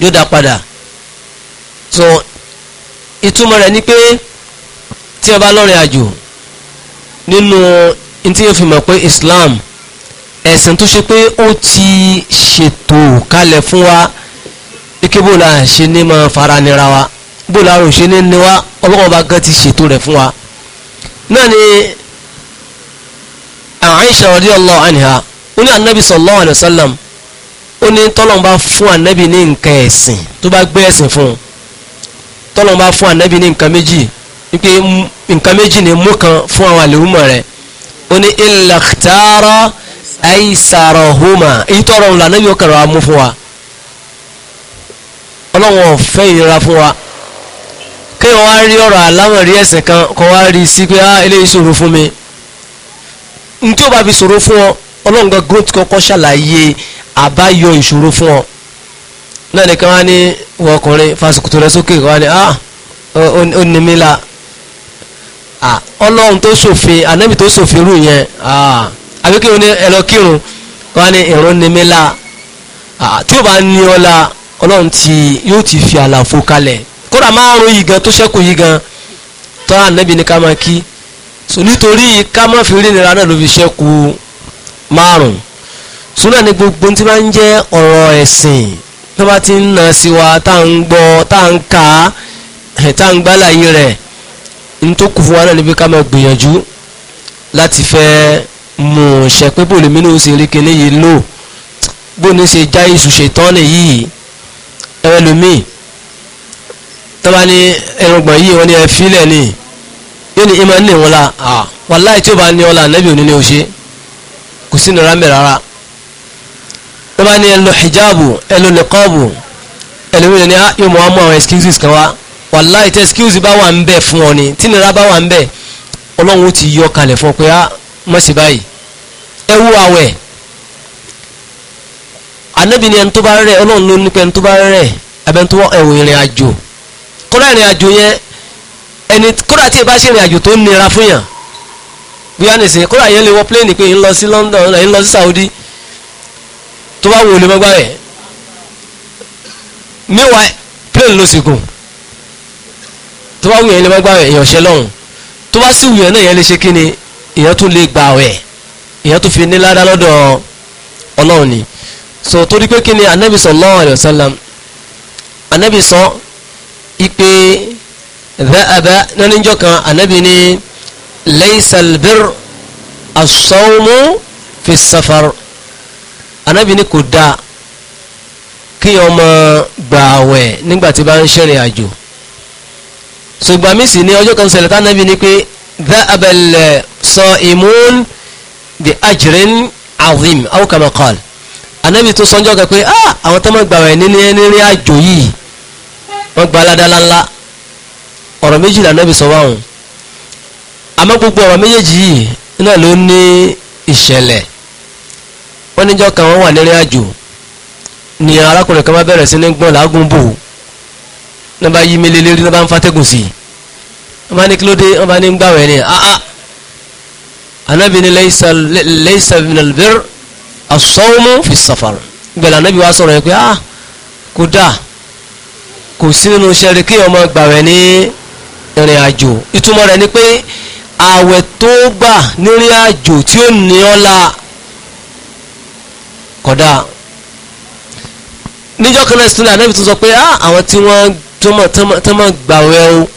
B: yóò dá padà so ìtumọ̀ rẹ̀ ni pé tí ẹ lọ́rin àjò nínú tí yóò fi mọ̀ pé Islam ẹ̀sìn tó ṣe pé ó ti ṣètò kalẹ̀ fún wa ike bó la ṣe ní máa fara nira wa bó la rò ṣe ní ní wa ọlọ́wọ́ bá ti ṣètò rẹ̀ fún wa náà ni. Aisha radiyallahu anha ó ní anabi sallallahu alayhi wa sallam ó ní tọ́lọ́n bá fún anabi ní nǹkan ẹ̀sìn tó bá gbé ẹ̀sìn fún un tọ́lọ́n bá fún anabi ní nǹkan méjì wípé nǹkan méjì ni mú kan fún àwọn àlèhùmọ̀ rẹ̀ ó ní illa ikhtara aisarahuma èyí tọ́rọ̀ ńlá anabi ó kẹrọ amú fún wa ọlọ́wọ́n fẹ́ ìnira fún wa kéèyàn rí ọ̀rọ̀ aláwọ̀ ẹ̀sìn kan kọ́ wá rí sí pé ah eléyìí ṣòro fún mi ní tí ó bá fi ṣòro fún ọ ọlọ́run gan gúrò tí kọ́kọ́ ṣàlàyé àbáyọ ìṣòro fún ọ náà nìkan wá ní wọ ọkùnrin fásitì rẹ sókè wá ní ah ó ní mí la ah ọlọ́run tó ṣòfin ànábì tó ṣòfin rú yẹn ah àbí kí n ní ẹ lọ kírun wá ní ìrún ní mí la ah tí ó bá ní ọ la ọlọ́run ti yóò ti fi àlàfo kalẹ̀ kódà márùn yìí gan tó ṣẹ́kù yìí gan tó ànábì ní ká máa kí so nítorí ká má fi rí nira náà ló fi ṣẹ́kù márùn-ún súnà ní gbogbo tí bá ń jẹ́ ọ̀rọ̀ ẹ̀sìn tó bá ti ń nà sí wa tá à ń gbọ́ tá à ń kà á tá à ń gbálàyé rẹ̀ ní kù fún wa náà níbi ká máa gbìyànjú láti fẹ́ mú un ṣe pé bò lèmi náà ó sì rí kinní yìí lò bó ní ṣe já ìṣù ṣètọ́nì yìí ẹlòmíì tó bá ní ẹrùngbọ̀n yìí wọ́n ní ẹ fílẹ̀ nìyí yóò ní ìmọ̀ ní ìwọ̀n la ah. wàláì tí ó bá ní ọ̀la ànábì òní ni ó ṣe kò sí nira mẹ́ra rárá tó bá ní ẹlò hijabu ẹlò nìkọ́ọ̀bù ẹlòmíràn ni yóò ah, mọ̀ ọmọ àwọn excuses kan wá wàláì tí excuse bá wà ń bẹ̀ fún ọ ni tí nira bá wà ń bẹ̀ ọlọ́run ó ti yọ kalẹ̀ fún ọ pé á mọ̀ sí báyìí ẹ wú àwẹ̀ ànábì ni ẹni tó bá rẹ̀ ọlọ́run ló ní pé ẹni tó bá rẹ̀ abẹ́ni ẹ̀wọ̀ ìrìn àjò kọ́lá ìrìn àjò yẹn ẹni kódà tí ẹ bá ṣe ìrìn àjò tó nira fún yàn bí wọ́n á nìsín kódà yẹn lè wọ pléènì pé ń lọ sí London ń lọ sí Saudi tó bá wò lè mọ́gbá rẹ̀ meanwhile plane ló sì gùn tó bá wù yẹn lè mọ́gbá rẹ̀ èèyàn ṣe lọ́hùn tó bá sì wù yẹn náà yẹn lè ṣe kí ni èèyàn tún lè gbà wẹ̀ èèyàn tún fi ní ládá lọ́dọ̀ ọlọ́run ni so torí pé kí ni anabi sallallahu alaihi wasallam anabi sọ ipe. ذأب ننجوكا النبي ليس البر الصوم في السفر النبي كدا kí ọmọ gbààwẹ̀ nígbà tí bá ń ṣẹ̀rìn àjò ṣùgbọ́n mi sì ní ọjọ́ kan ṣẹlẹ̀ tánàbí ni pé ذأب الصائمون بأجر عظيم أو كما قال anabi tó sọ́njọ́ kan pé àwọn tó máa gbààwẹ̀ nínú ẹni rí àjò yìí wọ́n gba aládàá ńláńlá ọ̀rọ̀ méjì là nàbì sọ wáhùn àmọ́ gbogbo ọ̀rọ̀ méjèèjì yìí náà ló ní ìṣẹ̀lẹ̀ wọ́n níjọ́ kan wọ́n wà nírin àjò ni arákùnrin kan bá bẹ̀rẹ̀ sí ní gbọ́n làágùn bò ní bá yí mi lé lérí ní bá ń fatẹ́gùn sí wọ́n bá ní kí ló dé wọ́n bá ní gbàwẹ̀ ni ah anabi ni laysa min albir as-sawmu fi safar gbẹ̀lẹ̀ anabi wa sọ̀rọ̀ yẹn pé ah kò dáa kò sí nínú sẹ́rí kí ọmọ gbàwẹ̀ ní ìrìn àjò ìtumọ̀ rẹ̀ ni pé ààwẹ̀ tó gbà nírìn àjò tí ó ní ọlá kódà níjọ́ kan náà sílẹ̀ anábì tó sọ pé àwọn tí wọ́n tó mọ̀ o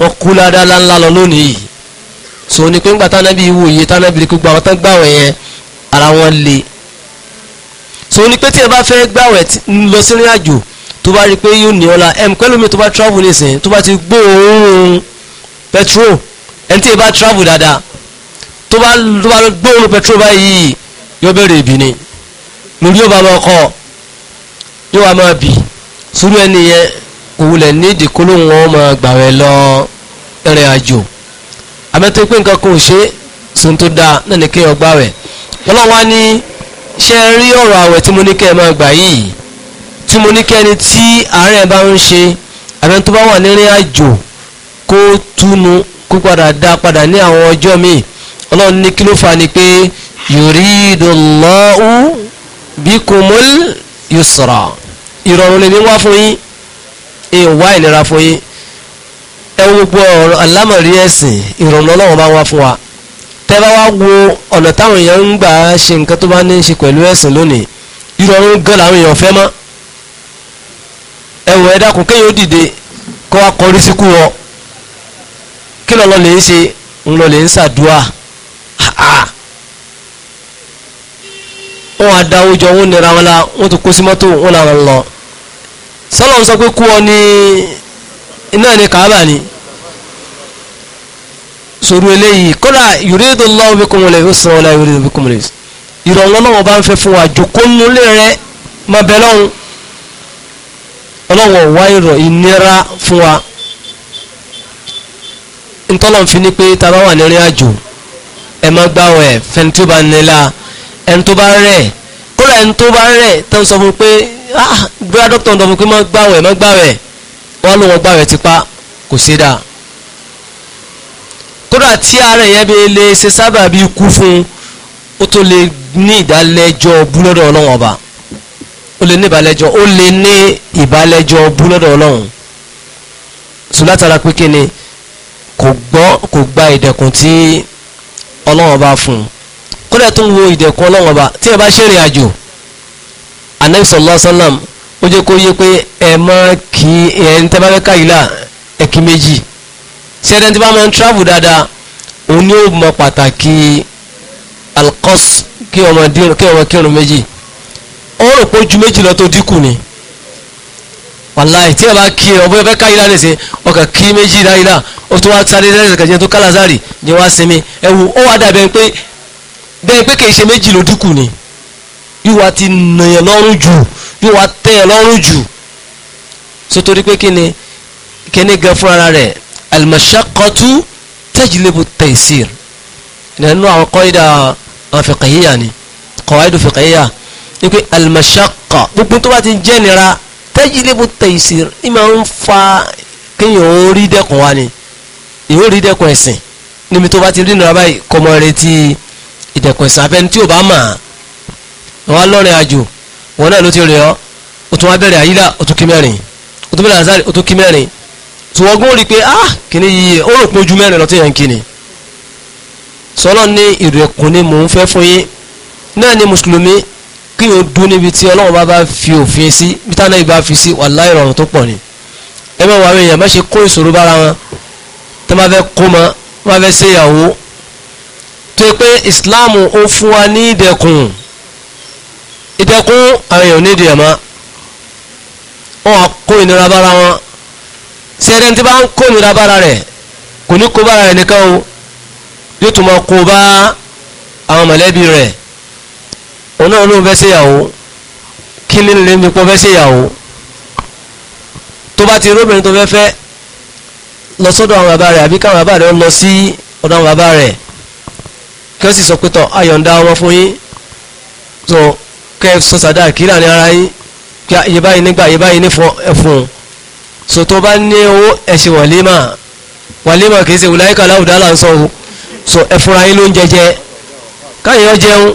B: wọ́n kú ládàá ńlá lọ lónìí so ní pé ńgbà tánábì wòye tánábì rí gbogbo àwọn tán gbàwẹ̀ yẹn ara wọn le so ní pé tí ẹ bá fẹ́ gbàwẹ̀ lọ sírìn àjò tó bá rí pé yóò ní ọlá ẹm pẹ́lú mi tó bá travel nísìn tó bá ti gbọ́ òórùn petrol ẹni tí ì bá travel dáadáa tó bá tó bá gbọ́ òórùn petrol báyìí yóò bẹ̀rẹ̀ ìbí ni mo rí ọba máa kọ́ yóò wá máa bì sórí ẹni yẹn kò wulẹ̀ ní ìdíkóló wọn máa gbà rẹ lọ rìn àjò àmẹ́tẹ́ pé nǹkan kan ò ṣe sun tó dáa náà ní kéèyàn gbà rẹ̀ ọlọ́wọ́n á ní ṣe rí ọ̀rọ̀ àwẹ̀ tí mo ní kẹ́ ẹ máa gbà yìí tí mo ní kẹ́ni tí àárẹ̀ bá ń ṣe àbẹ́ni tó bá wà nírìn àjò kó túnu kó padà dá padà ní àwọn ọjọ́ míì ọlọ́run ní kí ló fà ní pé yuridullahu bikumul yusra ìrọ̀rùn lèmi wá fún yín ìwá ìnira fún yín ẹ wo gbogbo ọ̀rọ̀ alámọ̀rí ẹ̀sìn ìrọ̀rùn ọlọ́run bá wá fún wa tẹ́ bá wá wo ọ̀nà táwọn èèyàn ń gbà ṣe nǹkan tó bá ní í ṣe pẹ̀lú ẹ̀sìn lónìí ìrọ̀rùn gan làwọn èèyàn fẹ́ mọ́ ẹ̀wọ̀ ẹ̀dá kò kéèyàn ó dìde kó wá kọrí síkú wọ kí lọ́lọ́ lè ń ṣe ńlọ lè ń ṣàdúà wọn adáwó jọ wọn nira wọn la wọn ti kó sí mọ́tò wọn làwọn lọ sọlọ́n sọ pé kú ọ ní iná ní kàábà ni sòrò eléyìí kódà yuridullahu bikumul yusra wala yuridu bikumul usra ìrọ̀lọ́lọ́wọ́ bá ń fẹ́ fún wa jòkó nulẹ̀ rẹ má bẹ lọ́hùn ọlọ́run wá ìrọ̀ ìnira fún wa ntọ́lọ́n fi ni pé tá a bá wà nírin àjò ẹ má gbààwẹ̀ fẹni tó bá nílá ẹni tó bá rẹ̀ kódà ẹni tó bá rẹ̀ tó ń sọ fún pé ah bóyá dókítà ń sọ fún pé má gbààwẹ̀ má gbààwẹ̀ wọ́n ló wọn gbààwẹ̀ tipa kò sí dáa kódà tí ara yẹn bí lè ṣe sábà bí ikú fún ó tó lè ní ìdálẹ́jọ́ búlọ́dọ̀ ọlọ́wọ́n ọba ó lè ní ìbálẹ́jọ́ ó lè ní ìbálẹ́jọ́ bú lọ́dọ̀ ọlọ́run sùn látara pé kí ni kò gbọ́ kò gba ìdẹ̀kùn tí ọlọ́run bá fún un kódà tó ń wo ìdẹ̀kùn ọlọ́run ọba tí ẹ bá ṣèrìn àjò anabi sallallahu alaihi wasallam ó jẹ́ kó yé pé ẹ má kí ẹ ń tẹ́ bá fẹ́ káyìlá ẹ kí méjì ṣẹ́dẹ̀ tí bá máa ń travel dáadáa òun ni ó mọ pàtàkì alqas kí ọmọ kírun méjì ó rò pé ojú méjì lọ tó dínkù ni wàláì tí ẹ bá kí ẹ ọbẹ ká yíra lẹsẹ ọkà kí méjì yíra yíra ó tún wá sáré lẹsẹ kẹjẹ tó kálásárì ni wá sinmi ẹ wò ó wá dàbẹ pé bẹ́ẹ̀ pé kì í ṣe méjì ló dínkù ni yóò wá ti nàyàn lọ́rùn jù yóò wá tẹ̀ ẹ́ lọ́rùn jù sotori pé kí ni kí ni gan fúnra rẹ̀ al-mashaqqatu tajlibu at-taysir nínú àwọn kọ́ ìdá àwọn fiqhiyya ni qawaid fiqhiyya ní pé al-mashaqqa gbogbo tó bá ti jẹ́ nira tajlibu taysir ní máa ń fa kéèyàn ó rí dẹ́kun wa ni èyí ó rí dẹ́kun ẹ̀sìn níbi tó bá ti rí nira báyìí kọ́mọ retí ìdẹ̀kun ẹ̀sìn abẹ́ni tí ò bá mà wọ́n á lọ́rin àjò wọn náà ló ti rìn ọ́ o tún wá bẹ̀rẹ̀ àyílà o tún kí mẹ́rin o tún bẹ̀rẹ̀ àzáàrì o tún kí mẹ́rin tùwọ́gún rí pé ah kìíní yìí ó rò pé ojú mẹ́rin lọ́tí yẹn ń kíni ní ìrẹ̀kùn ni mò ń fẹ́ fún yín náà ni mùsùlùmí kí o dún níbi tí ọlọ́run bá bá fi òfin sí bí táwọn ìbá fi sí wàláhì ìrọ̀rùn tó pọ̀ ni ẹ bá wà wẹ̀yàn má ṣe kó ìṣòro bára wọn tó bá fẹ́ kó mọ tó bá fẹ́ ṣe ìyàwó tó yẹ pé Islam ó fún wa ní ìdẹ̀kùn ìdẹ̀kùn àwọn èèyàn nídìí ẹ̀ mọ́ wọn á kó ìnira bára wọn ṣé ẹni tí bá ń kó ìnira bára rẹ̀ kò ní kó bára rẹ̀ nìkan o yóò tún máa kó bá àwọn mọ̀lẹ́bí rẹ̀ òun náà ló ń fẹ́ ṣèyàwó kí ní lè nípò fẹ́ ṣèyàwó tó bá ti róbìnrin tó fẹ́ fẹ́ lọ sọ́dọ̀ àwọn bàbá rẹ̀ àbí káwọn bàbá rẹ̀ lọ sí ọ̀dọ̀ àwọn bàbá rẹ̀ kí wọ́n sì sọ pé tọ̀ ayọ̀ǹda ọmọ fún yín tó kẹ́ ẹ sọ sàdá kí láàrin ara yín kí iye báyìí nígbà iye báyìí ní ẹ̀fún so tó bá ní owó ẹ̀sìn wàlímà wàlímà kì í ṣe wùláyíkà láwùdá là ń sọ so ẹ̀fúnra yín ló ń jẹjẹ káyọ̀ jẹun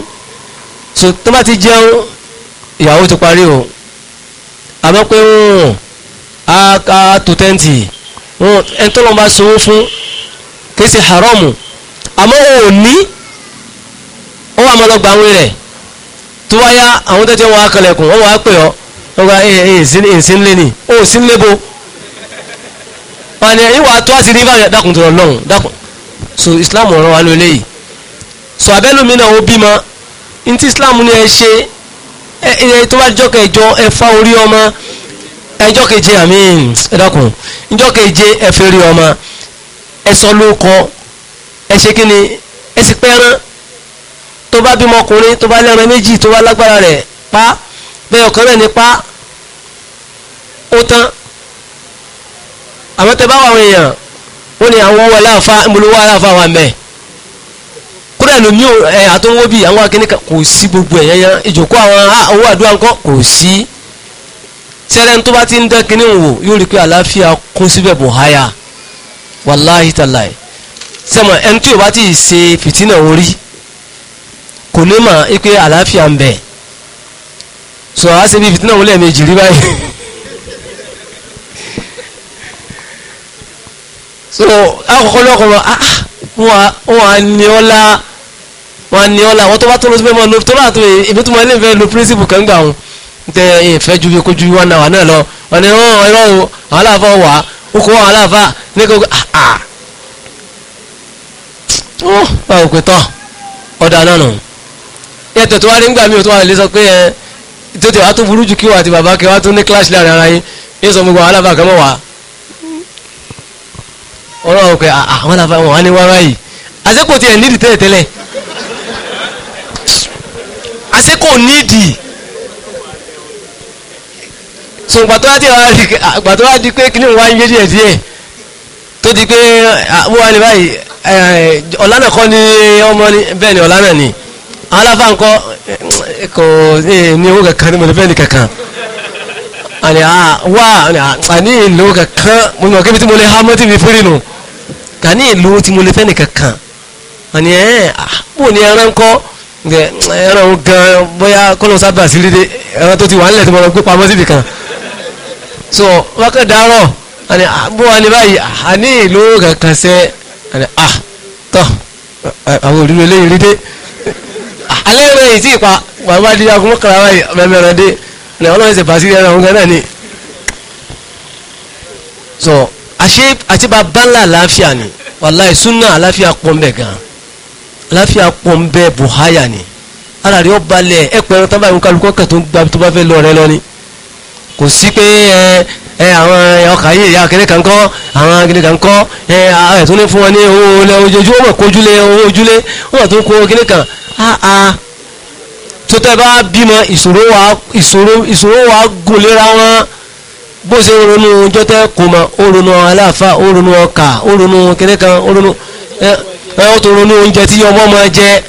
B: so tó bá ti jẹun ìyàwó ti parí o àmọ́ pé ń a tó tẹ́ǹtì ẹni tó lọ́n bá sanwó fún kì í ṣe haramu àmọ́ ò ní ó wà mọ́lọ́gba àwọn rẹ̀ tó wá yá àwọn tẹ́tẹ́ wọn akọlẹ̀kùn wọn wàá pè ọ́ wọn gba ìsínlẹ̀ ni ó sínlẹ̀ bo wọn ni ìwà tó àti ní báyìí dákùn tó lọ́hùn dákùn so Islam ọ̀rọ̀ wa ló léyìí so abẹ́lùmí náà ó bímọ ntí islam ni ẹ ṣe ẹ tó bá jọ kẹjọ ẹ fa orí ọmọ ẹjọ keje àmín ẹ dákun ìjọ keje ẹ fẹ́ rí ọmọ ẹ sọ lóko ẹ ṣe kí ni ẹ sì pẹ́ràn tó bá bímọ ọkùnrin tó bá lẹ́ran méjì tó bá lágbára rẹ̀ pa bẹ́ẹ̀ ọ̀kan rẹ̀ ní pa ó tán àwọn tẹ bá wà àwọn èèyàn wọ́n ní àwọn wọlé àfa ìmúlówó aláfa wà mẹ́ẹ̀ kódà lómi ẹ àtọwọ́ bíi àwọn akíní kò sí gbogbo ẹ̀yẹ yẹn ìjòkó àwọn owó àdúrà ńkọ́ kò sí sẹ́rẹ́ tó bá ti ń dán kíní wò yóò rí pé àlàáfíà kún síbẹ̀ bò háyà wàláhì tàláì sẹ́mọ̀ ẹni tí o bá ti ṣe fìtínà orí kò ní mà ipe àlàáfíà ń bẹ̀ sọ̀rọ̀ á ṣe bí fìtínà wọlé ẹ̀mejì rí báyìí. so akọkọ lọkọ lọ ah wọn à ní ọlá wọn ni ọlá àwọn tó bá tó lọ sí fẹ́ mọ́ lo tó láàtò ìbí tó mọ ilé ìfẹ́ lo píríncípù kan gbà wọn tẹ ìfẹ́ ju kó ju wọn náà náà lọ wọn ni wọn irọ́ o àwọn aláfa wà ó kó àwọn aláfa ní kó àà ah, ah. ó wà ó pé ọ̀dà náà nù ẹ tẹ̀tọ́ wá rí ńgbà mi tó wà lè sọ pé ẹ tó tẹ̀ wá tó burú ju kí wà àti bàbá kẹ wá tó ní kíláàsì láàrin ara yín yín sọ gbogbo àwọn aláfa kan mọ̀ wá ọlọ́run pé ah, àwọn aláfa wọn á ní wá ráyìí àṣẹ tiẹ̀ nídìí tẹ́lẹ̀ tẹ́lẹ̀ àṣẹ kò nídìí so ìgbà tó wá di pé kíní wá ń yé díẹ̀ díẹ̀ tó di pé wọ́n wá ní báyìí ọ̀la kọ́ ni ọmọ ni bẹ́ẹ̀ ni ọ̀la náà ni aláfa ńkọ́ kò ní owó kankan ní mo ní bẹ́ẹ̀ ni kankan àní wá àní ìlú kankan mo ní ọ̀kẹ́bi tí mo lè há mọ́tì mi fúri nù àní ìlú tí mo lè fẹ́ ni kankan àní ẹ̀ bò ní ẹran kọ́ ǹkẹ́ ẹran òun gan bóyá kọ́lọ́ sábà sí lédè ẹran tó ti wà nílẹ̀ tó mọ̀ gbé pamọ́ síbì kan so wákẹ́ dárọ̀ àni bó wa ní báyìí àní ìlú kankan sẹ́ àni ah tọ́ àwọn òrìrì eléyìí rí dé alẹ́ rẹ̀ yìí tí ì pa bàbá di agunmọ́ kàrà wáyé mẹ́mẹ́rẹ́ dé ní ọlọ́run ṣe bàṣírí ẹran òun gan náà ni so àṣẹ àti bàbá ńlá àlàáfíà ni wàláì súnà àlàáfíà pọ̀ ń bẹ̀ gan-an àláfíà pọ̀ ń bẹ bùháyà ni ara rẹ̀ ó balẹ̀ ẹ pẹ̀rọ tán báyìí kálukọ́ kẹ̀ tó ń gba tó bá fẹ́ lọ rẹ lọ ni kò sí pé ẹ àwọn ọkà yìí ìyá akẹ́lẹ́ kan kọ́ àwọn akẹ́lẹ́ kan kọ́ ẹ ẹ tó ní fún wọn ní owó ojoojú wọn kojúlé owó ojúlé wọn tó ń kó akẹ́lẹ́ kan áá tó tẹ́ bá bímọ ìṣòro wa ìṣòro ìṣòro wa gùn léra wọn bó ṣe ronú jọ́tẹ́ kò mọ̀ ó ronú aláàfáà ó ronú ọkà ó ronú akẹ́lẹ́ kan ó ronú ẹ. ẹ ó ronú oúnjẹ tí ọmọ máa jẹ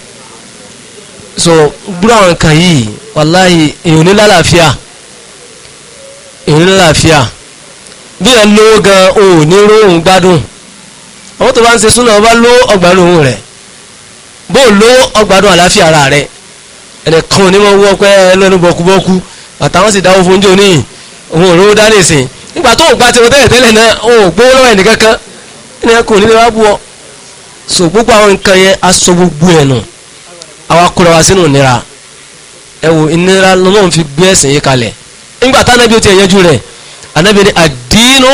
B: so gbúra àwọn nǹkan yìí wàláhì èèyàn ní lálàáfíà èèyàn ní lálàáfíà bí ẹ lówó gan o ò ní róhùn gbádùn àwọn tó bá ń ṣe súnà ọba ló ọgbàdùn òun rẹ bó o lówó ọgbàdùn àlàáfíà ara rẹ ẹnìkan onímọ̀ owó ọpẹ́ lẹ́nu bọ̀kúbọ̀kú àtàwọn sì fún òun ò dá nìsín nígbà tó ń tẹ́lẹ̀ tẹ́lẹ̀ náà òun ò gbówó lọ́wọ́ ẹnìkan kò wá so gbogbo àwọn nǹkan yẹn aṣọ gbogbo ẹ̀ nù àwa kóra wa sínú ìnira ẹ wo ìnira lọ́wọ́n fi gbé ẹ̀sìn yìí kalẹ̀ nígbà tá anábì ó ti ẹ̀yẹ́jú rẹ̀ anábì ní àdínú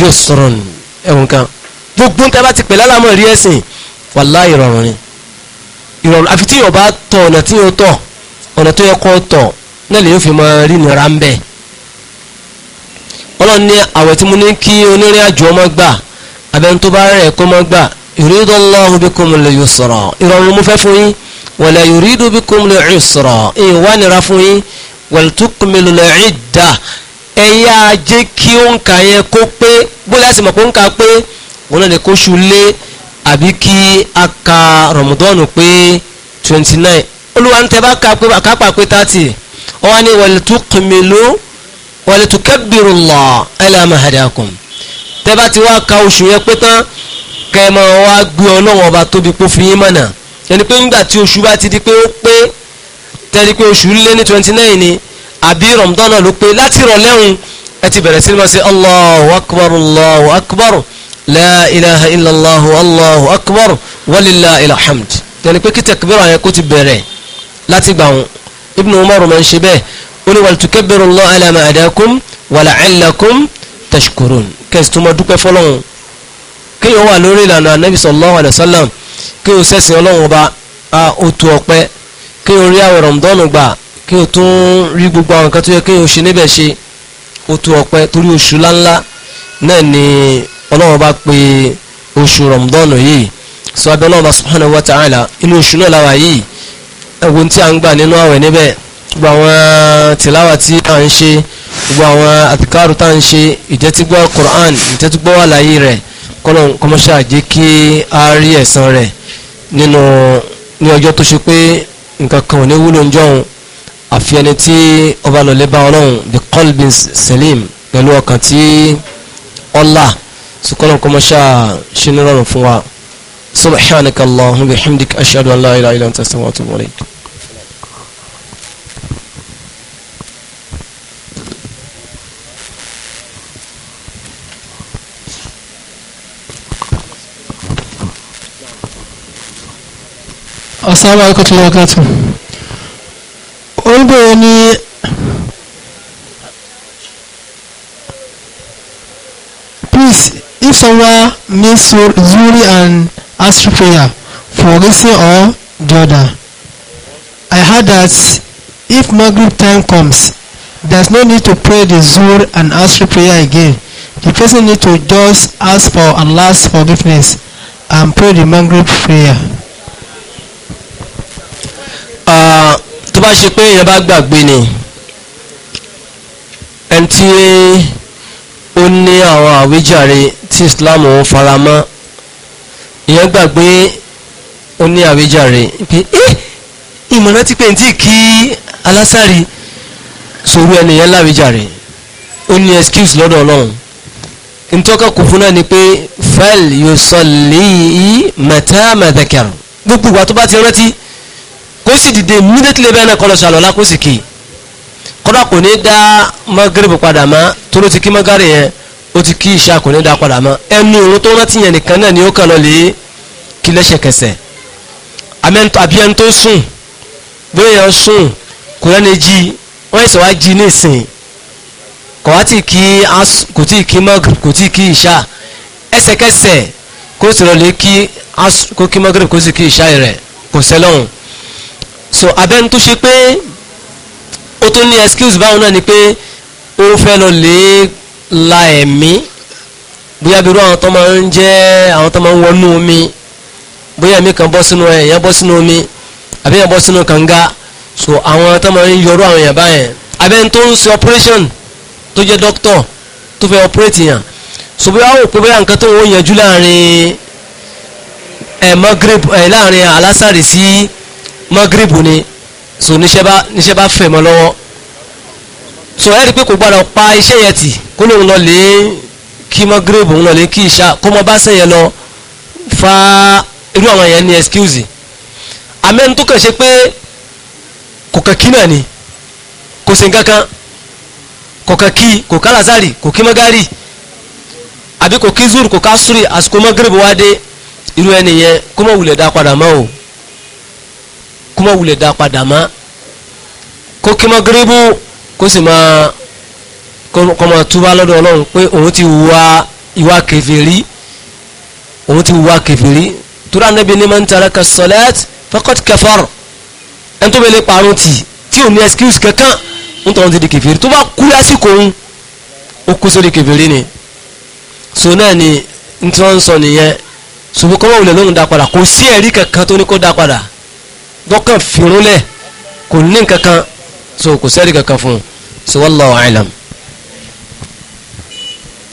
B: yusrun ẹ wo nǹkan gbogbo nǹkan bá ti pè lálàmọ́ rí ẹ̀sìn wàláhì ìrọ̀rùn ni ìrọ̀rùn àfi tí yóò bá tọ̀ ọ̀nà tí yóò tọ̀ ọ̀nà tó yẹ kó tọ̀ náà lè yóò fi máa rí ìnira ń bẹ̀ ọlọ́run àwẹ̀ tí mo ní kí onírìn àjò ọmọ gbà abẹ́ni tó mọ́ gbà yuridu Allahu bikumul yusra ìrọ̀rùn mo fẹ́ fún yín wala yuridu bikumul usra ìwánira fún yín wal tukmilul idda ẹ̀yà ajé kí òǹkà yẹn kó pé bóyá sì mọ̀ kó òǹkà pé wọn lè kó ṣu lé àbí kí a ka rọ̀mùdọ́ọ̀nù pé twenty nine olúwa ń tẹ́ bá ka pé àkápà pé thirty wọ́n ní wal tukmilu wal tukabbiru Allah ala ma hadakum tẹ́ kẹmọ wa gbé ọlọ́wọ́n ọba tóbi pé fi yín mọ̀nà ẹni pé nígbà tí oṣù bá ti di pé ó pé tẹ́lí pé oṣù lé ní twenty nine ni àbí rọ̀mùdán náà ló pé láti rọ̀lẹ́hùn ẹ ti bẹ̀rẹ̀ sí ní wọ́n ṣe allahu akbar allahu akbar la ilaha illallah allahu akbar walillahi alhamd ẹni pé kí tẹkbírà yẹn kó ti bẹ̀rẹ̀ láti gbà wọn ibn umar máa ń ṣe bẹ́ẹ̀ ó ní wàlùtùkẹ́bẹ̀rù allah alama adakum wàlàcẹ́lakum tashkurun kẹ́sìtúmọ̀ dúpẹ́ fọlọ́hún kéèyàn wà lórí ìlànà anabi sallallahu alayhi wa sallam kéèyàn sẹ́sìn ọlọ́run ọba a ó tu ọpẹ́ kéèyàn rí àwọn rọ̀mùdọ́nù gbà kéèyàn tún rí gbogbo àwọn nǹkan tó yẹ kéèyàn ṣe níbẹ̀ ṣe ó tu ọpẹ́ torí oṣù láńlá náà ni ọlọ́run ọba pè oṣù rọ̀mùdọ́nù yìí sọ abẹ́ ọlọ́run ọba subhanahu wa ta'ala inú oṣù náà làwà yìí ẹ̀wọ̀n tí a ń gbà nínú àwẹ̀ níbẹ̀ gbogbo àwọn tìláwà tí a ń ṣe gbogbo àwọn àtìkárù tá à ń ṣe ìtẹ́tígbọ́ Qur'an ìtẹ́tígbọ́ àlàyé rẹ̀ kọ́lọ́n kọ́mọ́ṣà jẹ́ kí a rí ẹ̀san rẹ̀ nínú ní ọjọ́ tó ṣe pé nǹkan kan ò ní wúlò ń jọun àfi ẹni tí ọba lọ́lẹ́ bá ọlọ́run the colbin salim pẹ̀lú ọkàn tí ọlá so kọ́lọ́n kọ́mọ́ṣà ṣe ní fún wa subhanaka allahumma bihamdika ashhadu an la ilaha illa anta astaghfiruka wa atubu ilayk
A: Assalamu alaikum warahmatullahi wabarakatuh. Oníbèrè ni please if someone miss Zuri and Asr prayer for reason or the other. I heard that if Magrib time comes, there's no need to pray the Zuhr and Asr prayer again. The person need to just ask for Allah's forgiveness and pray the Magrib prayer
B: tó bá ṣe pé èèyàn bá gbàgbé ni ẹni tí ó ní àwọn àwíjàre tí Islam ń faramọ́ èèyàn gbàgbé ó ní àwíjàre pé ẹ́ eh, ìmọ̀ràn ti pé ní tí kí alásàrí sọ̀rọ̀ ẹnìyẹn láwíjàre ó ní excuse lọ́dọ̀ Ọlọ́run ntọ́ka kò fún náà ni pé fal yusalli mata madhakar gbogbo ìgbà tó bá ti rántí kó sì dìde immediately bẹ́ẹ̀ náà kọ́ lọ sí àlọ́lá kó sì kì í kọ́dà kò ní dá magrib padà mọ́ tó ló ti kí magari yẹn ó ti kí ìṣá kò ní dá padà mọ́ ẹnu òun tó rántí yẹn nìkan náà ni ó kàn lọ lè kí lẹ́sẹ̀kẹsẹ̀ àbí ẹni tó sùn bóyá yẹn sùn kò rẹ́ni jí wọ́n ẹ̀sẹ̀ wá jí ní ìsìn kò wá tí kí kò tí kí magrib kò tí kí ìṣá ẹsẹ̀kẹsẹ̀ kó sì lọ lè kí magrib kó sì kí ìṣá rẹ̀ kò sẹ́lọ́hùn so abẹ́ni tó ṣe pé ó tó ní excuse báwọn náà ni pé ó fẹ́ lọ lè la ẹ̀mí bóyá bí irú àwọn tó máa ń jẹ́ àwọn tó máa ń wọnú omi bóyá ẹ̀mí kan bọ́ sínú ẹ̀ bọ́ sínú omi àbí yẹn bọ́ sínú kànga so àwọn tó máa ń yọrú àwọn èèyàn báyẹn abẹ́ni tó ń ṣe operation tó jẹ́ doctor tó fẹ́ operate yàn so bóyá ó pé bóyá nǹkan tó ń yanjú láàrin ẹ̀ eh, Maghrib ẹ̀ eh, láàrin alásàrè sí. Si, magrib ni so níṣẹ́ bá níṣẹ́ bá fẹ̀ mọ́ lọ́wọ́ so ẹ rí i pé kò gbọ́dọ̀ pa iṣẹ́ yẹn tì kó lóun lọ lè kí magrib lọ lè kí ìṣá kó mọ bá sẹ́yìn lọ fa irú àwọn yẹn ní excuse amẹ́ni tó kàn ṣe pé kò kàn kí náà ni kò sí nǹkan kan kò kàn kí kò ká lazari kò kí magari àbí kò kí zuru kò ká suri àsìkò magrib wá dé irú ẹni yẹn kó mọ wulẹ̀ dá padà mọ́ o kó má wulẹ̀ dá padà mọ́ kó kí má gíríbù kó sì má kó má túbá lọ́dọ̀ ọlọ́run pé òun ti wá ìwà kèfèrí òun ti wá kèfèrí tura anabi ni man taraka salat faqad kafar ẹni tó bẹ lè parun tì tí ò ní excuse kankan ń tọ́wọ́n ti di kèfèrí tó bá kú lásìkò òun ó kú sórí kèfèrí ni so náà ni n tí wọ́n ń sọ nìyẹn ṣùgbọ́n kọ́mọ̀ wulẹ̀ lóhùn dá padà kò sí ẹ̀rí kankan tó ní kó dá padà dọ́kàn fìrúnlẹ̀ kò ní kankan so kò sẹ́rí kankan fún un so wallahu a'lam.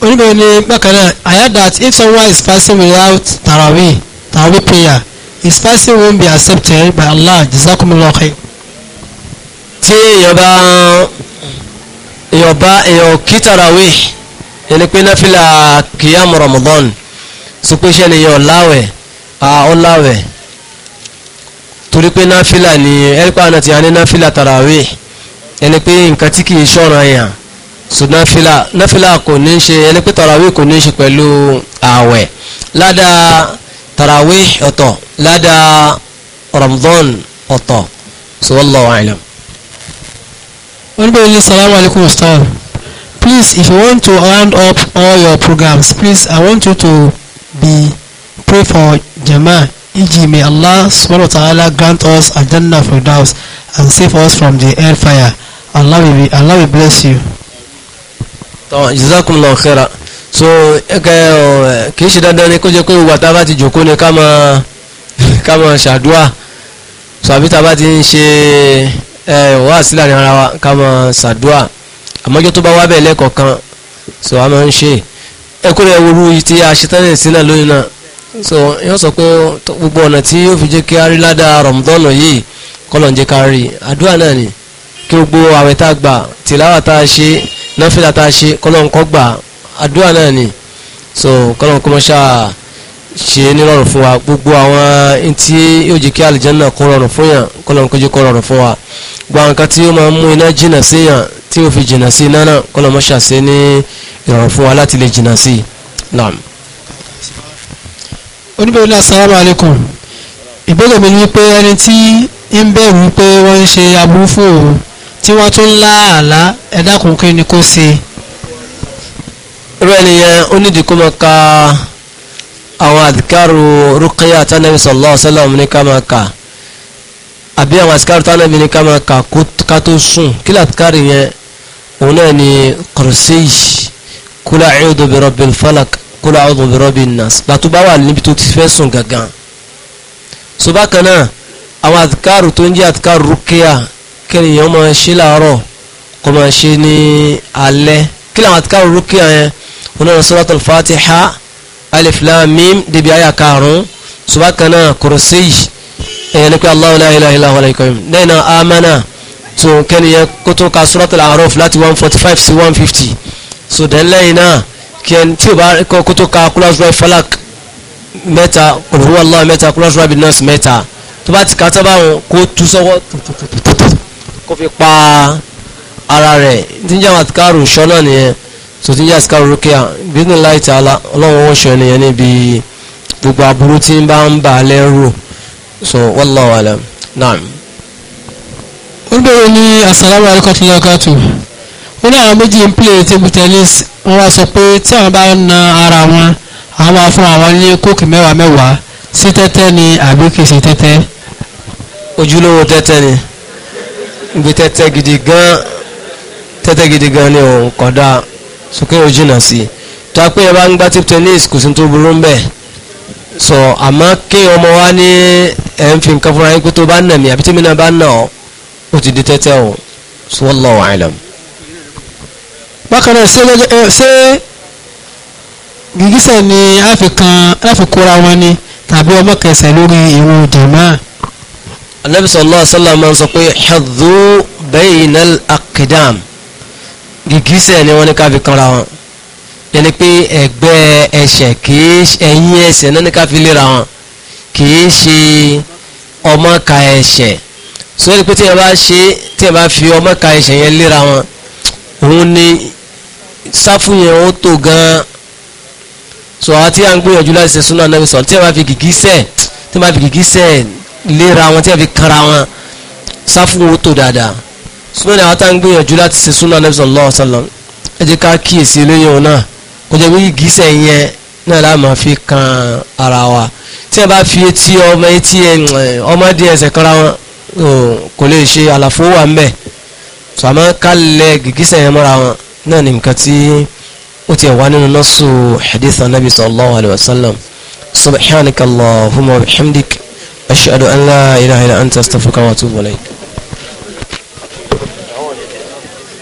A: oníbẹ̀rẹ̀ ni bákan náà I heard that if someone is fasting without tarawih tarawih prayer his fasting won't be accepted by Allah jazakumullahu khair. tí èèyàn bá
B: èèyàn bá èèyàn kí tarawih ẹni pé náfìlà kìyàmù Ramadan sọ Ramadan, iṣẹ́ ni èèyàn láwẹ̀ ọ̀láwẹ̀ torí pé náfìlà ni ẹ̀rípa náà ti hàn ní náfìlà tàràwé ẹni pé nǹkan tí kì í ṣọ̀ràn yàn so náfìlà náfìlà kò ní ṣe ẹni pé tàràwé kò ní ṣe pẹ̀lú ààwẹ̀ ládàá tàràwé ọ̀tọ̀ ládàá Ramadan ọ̀tọ̀ so wallahu a'lam. One billion
A: salaam alaikum ustaz. Please, if you want to round up all your programs, please, I want you to be pray for Jama E.g. may Allah subhanahu wa ta'ala grant us a Jannah for Firdaus and save us from the air fire. Allah will, be, Allah will bless you.
B: Jazakumullahu khaira. So ẹ̀kẹ́ kìí ṣe dandan ni kó jẹ́ pé ìwà tá ti jòkó ni ká máa ṣàdúà. So àbí tá ti ń ṣe wá sílẹ̀ ní ara wa ká máa ṣàdúà. Àmọ́jọ́ tó bá wá bẹ̀ lẹ́kọ̀ọ̀kan so a máa ń ṣe. Ẹ̀kú rẹ̀ wo ru ti aṣetánẹ̀ sílẹ̀ lónìí náà so yóò sọ pé gbogbo ọ̀nà tí yóò fi jẹ́ kí a rí ládàá rọ̀mùdọ́nù yìí kọ́lọ̀ ń jẹ́ ká rí àdúrà náà ni kí gbogbo àwẹ̀ tá a gbà tìláwà tá a ṣe náfìlà tá a ṣe kọ́lọ̀ ń kọ́ gbà àdúrà náà ni so kọ́lọ̀ ń kọ́ mọ́ṣá ṣe nírọ̀rùn fún wa gbogbo àwọn tí yóò jẹ́ kí àlìjánà kó rọrùn fún yàn kọ́lọ̀ ń kọ́jú kó rọrùn fún wa gbogbo àwọn kan tí yóò máa mú iná jìnà sí yàn tí yóò fi jìnà sí iná náà kọ́lọ̀ mọ́ṣá ṣe ní ìrọ̀rùn fún wa láti lè jìnà sí i
A: oníbẹ̀rẹ̀ náà assalamu alaikum ìbéèrè mi ni pé ẹni tí ń bẹ̀rù pé wọ́n ń ṣe aburú fún òun tí wọ́n tún lá àlá ẹ̀dá kòkè ni kò ṣe. irú ẹnìyẹn ó nídìí kó máa ka
B: àwọn àdìkárò rúkẹ́yà tánàbí sallallahu alaihi wasallam ní ká máa kà àbí àwọn àdìkárò tánàbí ní ká máa kà ká tó sùn kí làdìkárò yẹn òun náà ni kùrùsíyì kúlà a'udhu bi rabbil kóló àwọn ọdún bẹ̀rọ̀ bíi nà gbàtó bá wà níbi tó ti fẹ́ sùn gangan so bákan náà àwọn àdìkárù tó ń jẹ́ àdìkárù rúkìá kẹ́nìyàn máa ṣe láàárọ̀ kó máa ṣe ní alẹ́ kí làwọn àdìkárù rúkìá yẹn wọn náà suratul fatiha alif lam mim débi àyà karùn-ún so bákan náà kòròsè yìí ẹ̀yẹn ni pé Allahu la ilaha illa huwa alaykum lẹ́yìn náà amánà tó kẹ́nìyàn kó tó ka suratul araf láti one forty five sí one fifty so dẹ́n lẹ́yìn náà kí ẹni tí o bá kó tó ka kúlọ́sùrọ̀ falak mẹ́ta olùwọ́ allah mẹ́ta kúlọ́sùrọ̀ abinus mẹ́ta tó bá ti ka tó báwọn kó tu sọ́wọ́ kó fi pa ara rẹ̀ níjà àtikárù sọ́nà nìyẹn tòtí níjà àtikárù rúkìá bíbélì láì tààlà ọlọ́run ó ṣe nìyẹn níbi gbogbo aburú tí ń bá ń bà lẹ́rù so wallahu alam naam.
A: ó bẹ̀rẹ̀ ní asalaamualeykum tó lọ́kàtù nínú àwọn méjì ń play table tennis wọ́n wá sọ pé tí àwọn bá ń na ara wọn àwọn máa fún àwọn ní kóòkì mẹ́wàá mẹ́wàá sí tẹ́tẹ́ ni àbí kì í ṣe tẹ́tẹ́.
B: ojúlówó tẹ́tẹ́ ni ibi tẹ́tẹ́ gidi gan tẹ́tẹ́ gidi gan ni òun kọ̀dá sókè ojú náà sí i jápé ẹ bá ń gbá table tennis kò sí tó burú ń bẹ̀ sọ àmọ́ kí ọmọ wa ní ẹ̀ ń fi nǹkan fúnra yín pé tó bá nà mí àbí tí mi náà bá nà ó ti di tẹ́tẹ́ o sọ́wọ́ lọ́wọ́ àìlẹ́mù
A: bákan náà ṣé gìgísẹ̀ ni àfikúnra wọn ni tàbí ọmọ kẹsẹ̀ lórí ìrun jàmáà.
B: anabi sallallahu alaihi wasallam máa ń sọ pé hadhu bainal aqdam gìgísẹ̀ ni wọ́n ní ká kanra wọn yẹni pé ẹ̀gbẹ́ ẹsẹ̀ kìí ẹ̀yìn ẹsẹ̀ náà ní ká lera wọn kìí ṣe ọmọ ka ẹsẹ̀ sórí pé tí ẹ bá ṣe tí ẹ bá fi ọmọ ka ẹsẹ̀ yẹn lera wọn òun ni sáfù yẹn ó tó gan-an sọ àwọn tí a ń gbìyànjú láti ṣe súnà náà sọ tí a bá fi kìkì sẹ̀ tí a bá fi kìkì sẹ̀ léra wọn tí a fi kanra wọn sáfù wọn ó tó dáadáa súnà àwọn tá a ń gbìyànjú láti ṣe súnà náà sọ lọ́wọ́ sọlọ ẹ jẹ́ ká kíyèsí eléyìí wọn náà kò jẹ́ pé kìkì sẹ̀ yẹn náà la máa fi kan ara wa tí a bá fi etí ọmọ etí ọmọdé ẹsẹ̀ kanra wọn kò lè ṣe àlàfo wà ń bẹ̀ sọ àmọ́ ká lẹ kìkì sẹ̀ yẹn mọ́ra wọn náà ni nǹkan tí ó ti wà nínú nọ́ọ̀sù hadith anabi sallallahu alayhi wa sallam subhanakallahumma wa bihamdik ashhadu an la ilaha illa anta astaghfiruka wa atubu ilayk.